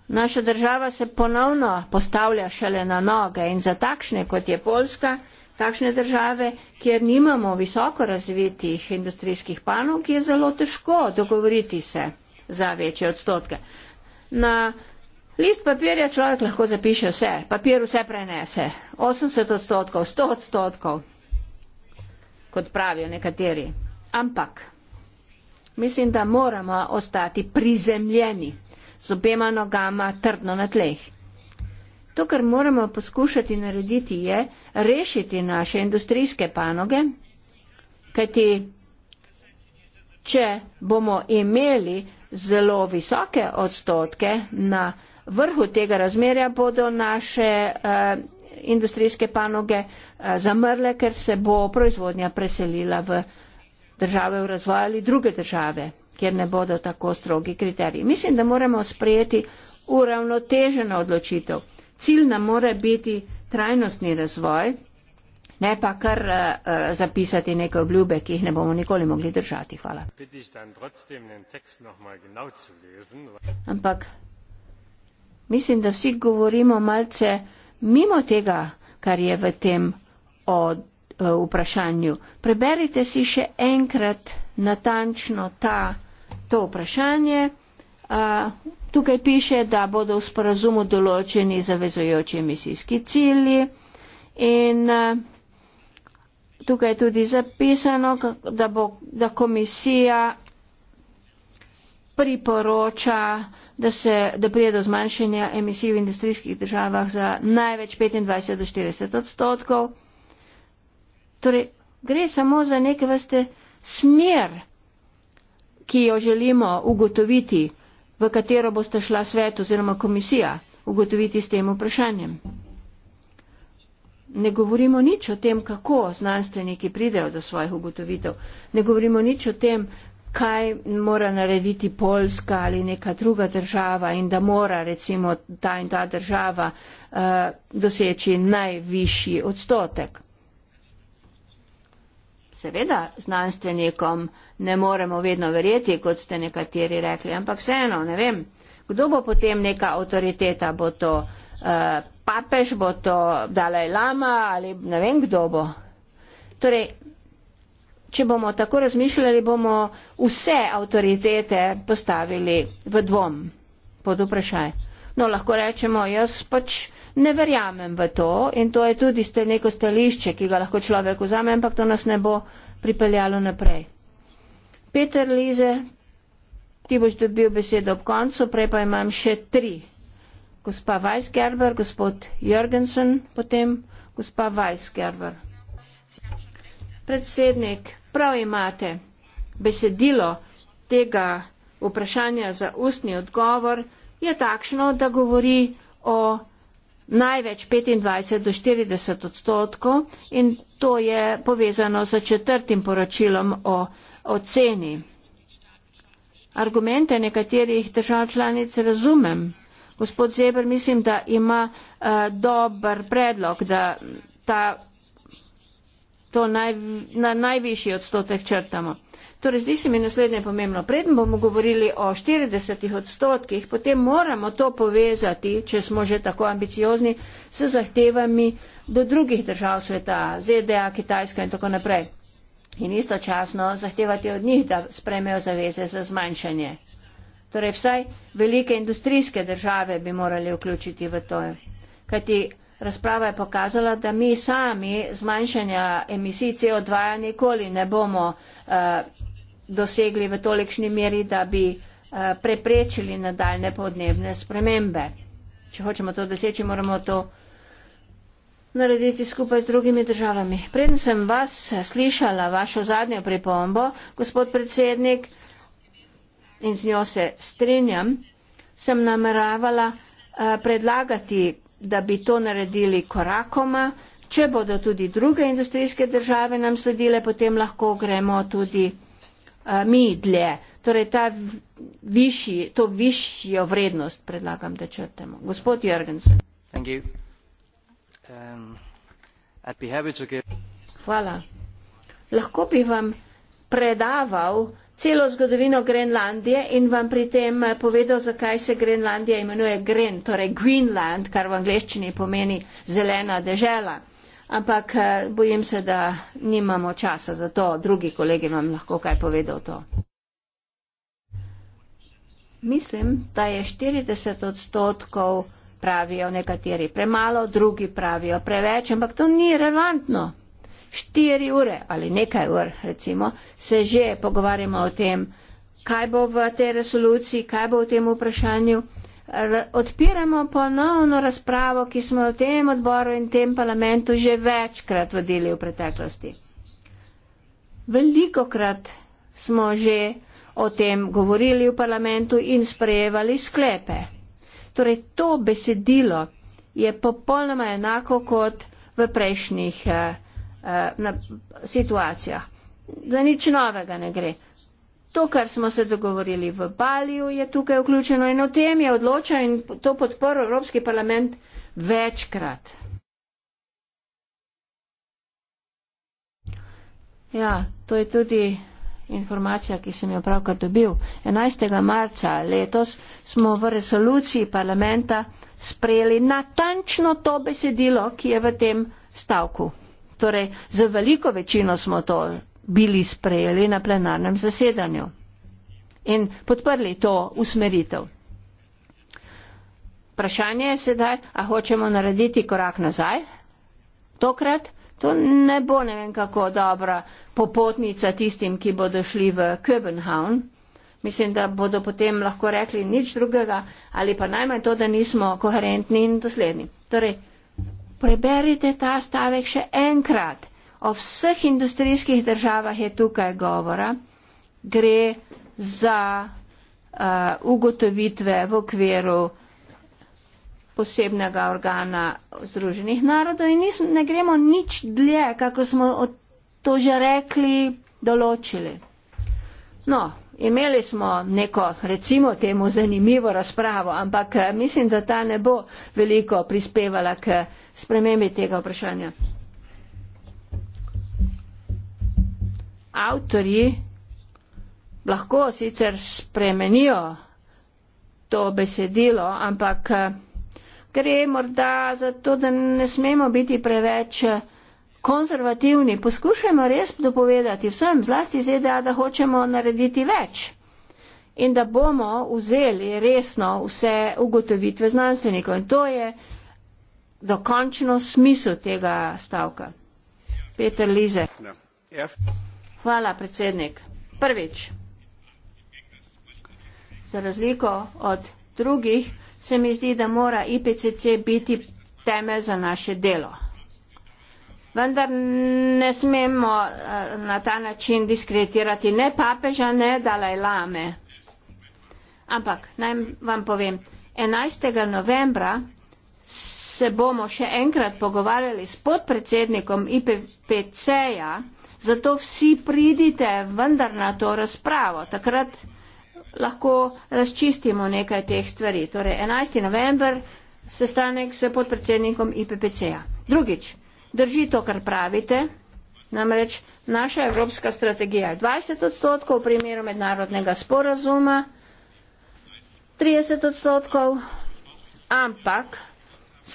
Naša država se ponovno postavlja šele na noge in za takšne, kot je Poljska, takšne države, kjer nimamo visoko razvitih industrijskih panog, je zelo težko dogovoriti se za večje odstotke. Na list papirja človek lahko zapiše vse, papir vse prenese, 80 odstotkov, 100 odstotkov kot pravijo nekateri. Ampak mislim, da moramo ostati prizemljeni z obema nogama trdno na tleh. To, kar moramo poskušati narediti, je rešiti naše industrijske panoge, kajti če bomo imeli zelo visoke odstotke na vrhu tega razmerja, bodo naše uh, industrijske panoge Eh, zamrle, ker se bo proizvodnja preselila v države v razvoju ali druge države, kjer ne bodo tako strogi kriteriji. Mislim, da moramo sprejeti uravnoteženo odločitev. Cilj nam mora biti trajnostni razvoj, ne pa kar uh, zapisati neke obljube, ki jih ne bomo nikoli mogli držati. Hvala. Ampak mislim, da vsi govorimo malce mimo tega, kar je v tem o e, vprašanju. Preberite si še enkrat natančno ta, to vprašanje. E, tukaj piše, da bodo v sporazumu določeni zavezojoči emisijski cilji in e, tukaj je tudi zapisano, da, bo, da komisija priporoča, da, se, da prije do zmanjšanja emisij v industrijskih državah za največ 25 do 40 odstotkov. Torej, gre samo za neke vrste smer, ki jo želimo ugotoviti, v katero boste šla svet oziroma komisija ugotoviti s tem vprašanjem. Ne govorimo nič o tem, kako znanstveniki pridejo do svojih ugotovitev. Ne govorimo nič o tem, kaj mora narediti Poljska ali neka druga država in da mora recimo ta in ta država uh, doseči najvišji odstotek seveda znanstvenikom ne moremo vedno verjeti, kot ste nekateri rekli, ampak vseeno, ne vem, kdo bo potem neka avtoriteta, bo to uh, papež, bo to Dalaj Lama ali ne vem kdo bo. Torej, če bomo tako razmišljali, bomo vse avtoritete postavili v dvom, pod vprašaj. No, lahko rečemo, jaz pač ne verjamem v to in to je tudi ste neko stališče, ki ga lahko človek vzame, ampak to nas ne bo pripeljalo naprej. Peter Lize, ti boš dobil besedo ob koncu, prej pa imam še tri. Gospa Weisgerber, gospod Jorgensen, potem gospa Weisgerber. Predsednik, prav imate besedilo tega vprašanja za ustni odgovor, je takšno, da govori o največ 25 do 40 odstotkov in to je povezano s četrtim poročilom o oceni. Argumente nekaterih držav članic razumem. Gospod Zeber, mislim, da ima uh, dober predlog, da ta, to naj, na najvišji odstotek črtamo. Uh, Torej, zdi se mi naslednje pomembno. Preden bomo govorili o 40 odstotkih, potem moramo to povezati, če smo že tako ambiciozni, s zahtevami do drugih držav sveta, ZDA, Kitajska in tako naprej. In istočasno zahtevati od njih, da spremejo zaveze za zmanjšanje. Torej, vsaj velike industrijske države bi morali vključiti v to. Kajti razprava je pokazala, da mi sami zmanjšanja emisij CO2 nikoli ne bomo. Uh, dosegli v tolikšni meri, da bi eh, preprečili nadaljne podnebne spremembe. Če hočemo to doseči, moramo to narediti skupaj z drugimi državami. Preden sem vas slišala, vašo zadnjo pripombo, gospod predsednik, in z njo se strinjam, sem nameravala eh, predlagati, da bi to naredili korakoma. Če bodo tudi druge industrijske države nam sledile, potem lahko gremo tudi Eh, mi dlje. Torej, ta višji, to višjo vrednost predlagam, da črtemo. Gospod Jorgensen. Um, Hvala. Lahko bi vam predaval celo zgodovino Grenlandije in vam pri tem eh, povedal, zakaj se Grenlandija imenuje Gren, torej Greenland, kar v angleščini pomeni zelena dežela ampak eh, bojim se, da nimamo časa za to. Drugi kolegi vam lahko kaj povedo o to. Mislim, da je 40 odstotkov pravijo nekateri premalo, drugi pravijo preveč, ampak to ni relevantno. 4 ure ali nekaj ur, recimo, se že pogovarjamo o tem, kaj bo v tej resoluciji, kaj bo v tem vprašanju odpiramo ponovno razpravo, ki smo v tem odboru in tem parlamentu že večkrat vodili v preteklosti. Veliko krat smo že o tem govorili v parlamentu in sprejevali sklepe. Torej, to besedilo je popolnoma enako kot v prejšnjih eh, eh, situacijah. Za nič novega ne gre. To, kar smo se dogovorili v Baliju, je tukaj vključeno in o tem je odločen in to podporo Evropski parlament večkrat. Ja, to je tudi informacija, ki sem jo pravkar dobil. 11. marca letos smo v resoluciji parlamenta sprejeli natančno to besedilo, ki je v tem stavku. Torej, z veliko večino smo to bili sprejeli na plenarnem zasedanju in podprli to usmeritev. Vprašanje je sedaj, a hočemo narediti korak nazaj? Tokrat to ne bo ne vem kako dobra popotnica tistim, ki bodo šli v Köbenhavn. Mislim, da bodo potem lahko rekli nič drugega ali pa najmanj to, da nismo koherentni in dosledni. Torej, preberite ta stavek še enkrat o vseh industrijskih državah je tukaj govora, gre za uh, ugotovitve v okviru posebnega organa Združenih narodov in nis, ne gremo nič dlje, kako smo to že rekli, določili. No, imeli smo neko, recimo temu, zanimivo razpravo, ampak eh, mislim, da ta ne bo veliko prispevala k spremembi tega vprašanja. avtorji lahko sicer spremenijo to besedilo, ampak eh, gre morda za to, da ne smemo biti preveč eh, konzervativni. Poskušajmo res dopovedati vsem, zlasti ZDA, da hočemo narediti več in da bomo vzeli resno vse ugotovitve znanstvenikov. In to je dokončno smisel tega stavka. Peter Lize. Yeah. Ja. Yeah. Hvala, predsednik. Prvič, za razliko od drugih, se mi zdi, da mora IPCC biti temelj za naše delo. Vendar ne smemo eh, na ta način diskreditirati ne papeža, ne Dalaj Lame. Ampak naj vam povem, 11. novembra se bomo še enkrat pogovarjali s podpredsednikom IPPC-ja, Zato vsi pridite vendar na to razpravo. Takrat lahko razčistimo nekaj teh stvari. Torej, 11. november sestanek s podpredsednikom IPPC-a. Drugič, drži to, kar pravite, namreč naša evropska strategija je 20 odstotkov v primeru mednarodnega sporazuma, 30 odstotkov, ampak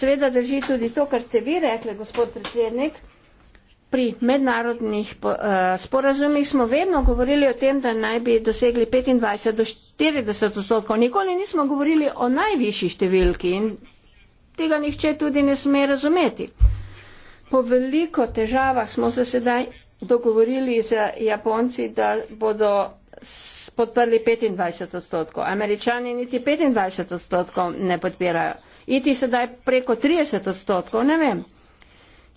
seveda drži tudi to, kar ste vi rekli, gospod predsednik, pri mednarodnih eh, sporazumih smo vedno govorili o tem, da naj bi dosegli 25 do 40 odstotkov. Nikoli nismo govorili o najvišji številki in tega nihče tudi ne sme razumeti. Po veliko težavah smo se sedaj dogovorili z Japonci, da bodo podprli 25 odstotkov. Američani niti 25 odstotkov ne podpirajo. Iti sedaj preko 30 odstotkov, ne vem.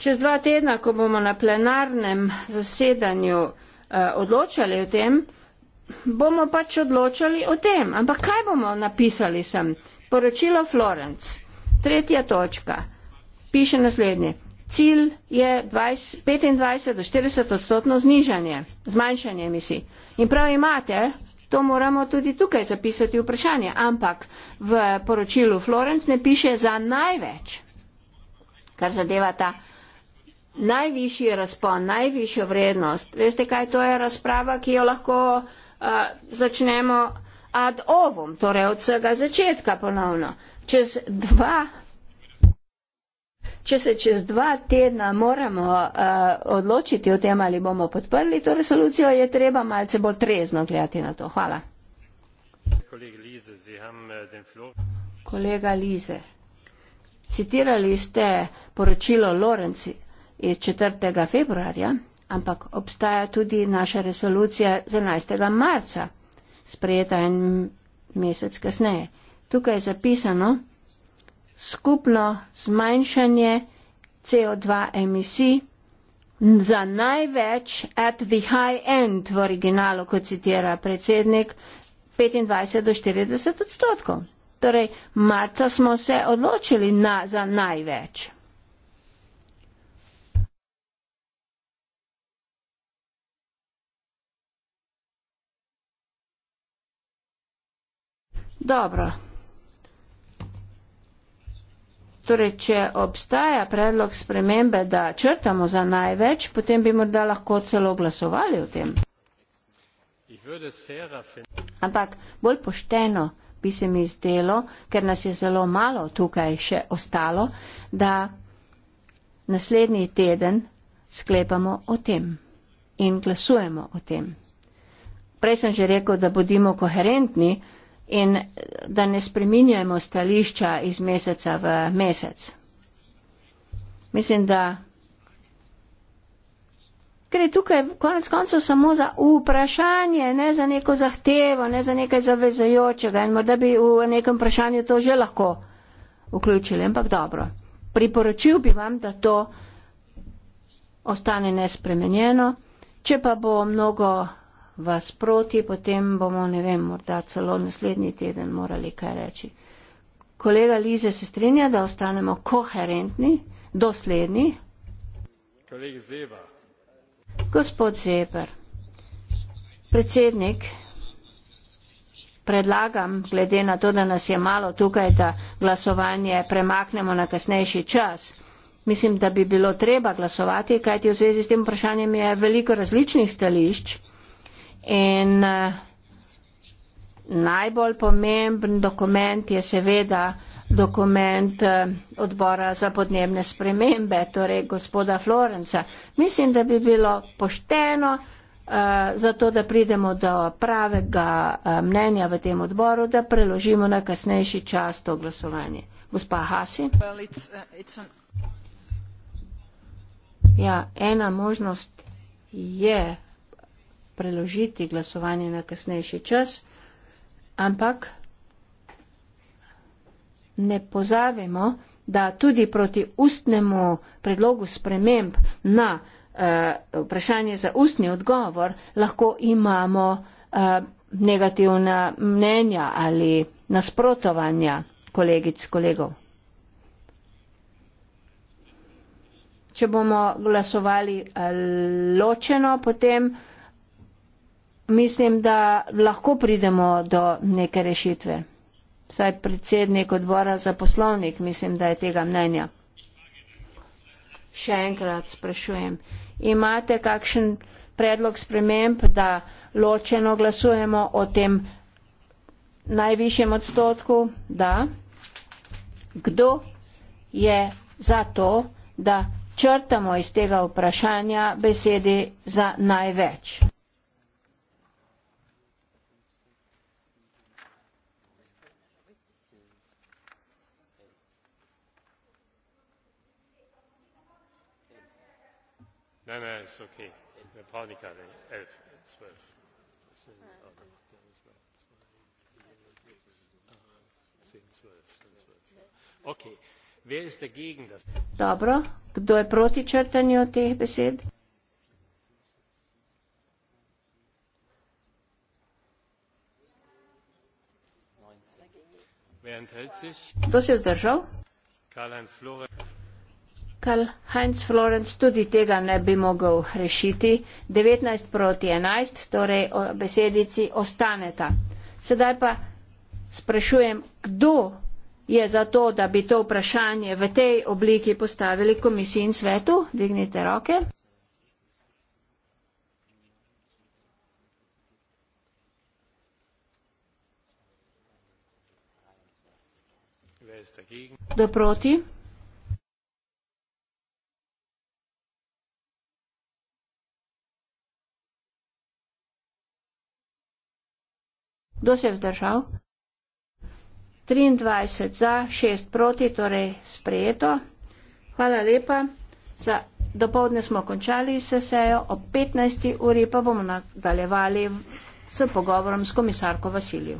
Čez dva tedna, ko bomo na plenarnem zasedanju eh, odločali o tem, bomo pač odločali o tem. Ampak kaj bomo napisali sem? Poročilo Florence, tretja točka, piše naslednje. Cilj je 20, 25 do 40 odstotno znižanje, zmanjšanje emisij. In prav imate, to moramo tudi tukaj zapisati vprašanje, ampak v poročilu Florence ne piše za največ, kar zadeva ta najvišji razpon, najvišjo vrednost. Veste, kaj to je razprava, ki jo lahko uh, začnemo ad ovom, torej od vsega začetka ponovno. Čez dva, če se čez dva tedna moramo uh, odločiti o tem, ali bomo podprli to resolucijo, je treba malce bolj trezno gledati na to. Hvala. Kolega Lize, äh, citirali ste poročilo Lorenci iz 4. februarja, ampak obstaja tudi naša resolucija z 11. marca, sprejeta en mesec kasneje. Tukaj je zapisano skupno zmanjšanje CO2 emisij za največ at the high end v originalu, kot citira predsednik, 25 do 40 odstotkov. Torej, marca smo se odločili na, za največ. Dobro. Torej, če obstaja predlog spremembe, da črtamo za največ, potem bi morda lahko celo glasovali o tem. Ampak bolj pošteno bi se mi zdelo, ker nas je zelo malo tukaj še ostalo, da naslednji teden sklepamo o tem in glasujemo o tem. Prej sem že rekel, da bodimo koherentni, in da ne spreminjamo stališča iz meseca v mesec. Mislim, da gre tukaj konec koncev samo za vprašanje, ne za neko zahtevo, ne za nekaj zavezajočega in morda bi v nekem vprašanju to že lahko vključili, ampak dobro. Priporočil bi vam, da to ostane nespremenjeno. Če pa bo mnogo vas proti, potem bomo, ne vem, morda celo naslednji teden morali kaj reči. Kolega Lize se strinja, da ostanemo koherentni, dosledni. Kolega Zeba. Gospod Zeber, predsednik, predlagam, glede na to, da nas je malo tukaj, da glasovanje premaknemo na kasnejši čas. Mislim, da bi bilo treba glasovati, kajti v zvezi s tem vprašanjem je veliko različnih stališč. In eh, najbolj pomemben dokument je seveda dokument eh, odbora za podnebne spremembe, torej gospoda Florenca. Mislim, da bi bilo pošteno, eh, zato da pridemo do pravega mnenja v tem odboru, da preložimo na kasnejši čas to glasovanje. Gospa Hasi. Uh, ja, ena možnost je. Yeah preložiti glasovanje na kasnejši čas, ampak ne pozavemo, da tudi proti ustnemu predlogu sprememb na uh, vprašanje za ustni odgovor lahko imamo uh, negativna mnenja ali nasprotovanja kolegic, kolegov. Če bomo glasovali eh, ločeno, potem uh, mislim, da lahko pridemo do neke rešitve. Saj predsednik odbora za poslovnik mislim, da je tega mnenja. Še enkrat sprašujem, imate kakšen predlog sprememb, da ločeno glasujemo o tem najvišjem odstotku? Da. Kdo je za to, da črtamo iz tega vprašanja besedi za največ? Nein, no, nein, no, ist okay. Wir brauchen nicht alle. Elf, zwölf. Okay. Wer ist dagegen, dass Dobro. Kdo je proti črtanju teh besed? Kdo se je zdržal? Karl Heinz Florenc tudi tega ne bi mogel rešiti. 19 proti 11, torej besedici ostaneta. Sedaj pa sprašujem, kdo je za to, da bi to vprašanje v tej obliki postavili komisiji in svetu? Dignite roke. Do proti. Kdo se je vzdržal? 23 za, 6 proti, torej sprejeto. Hvala lepa. Za dopovdne smo končali se sejo, ob 15. uri pa bomo nadaljevali s pogovorom s komisarko Vasiljev.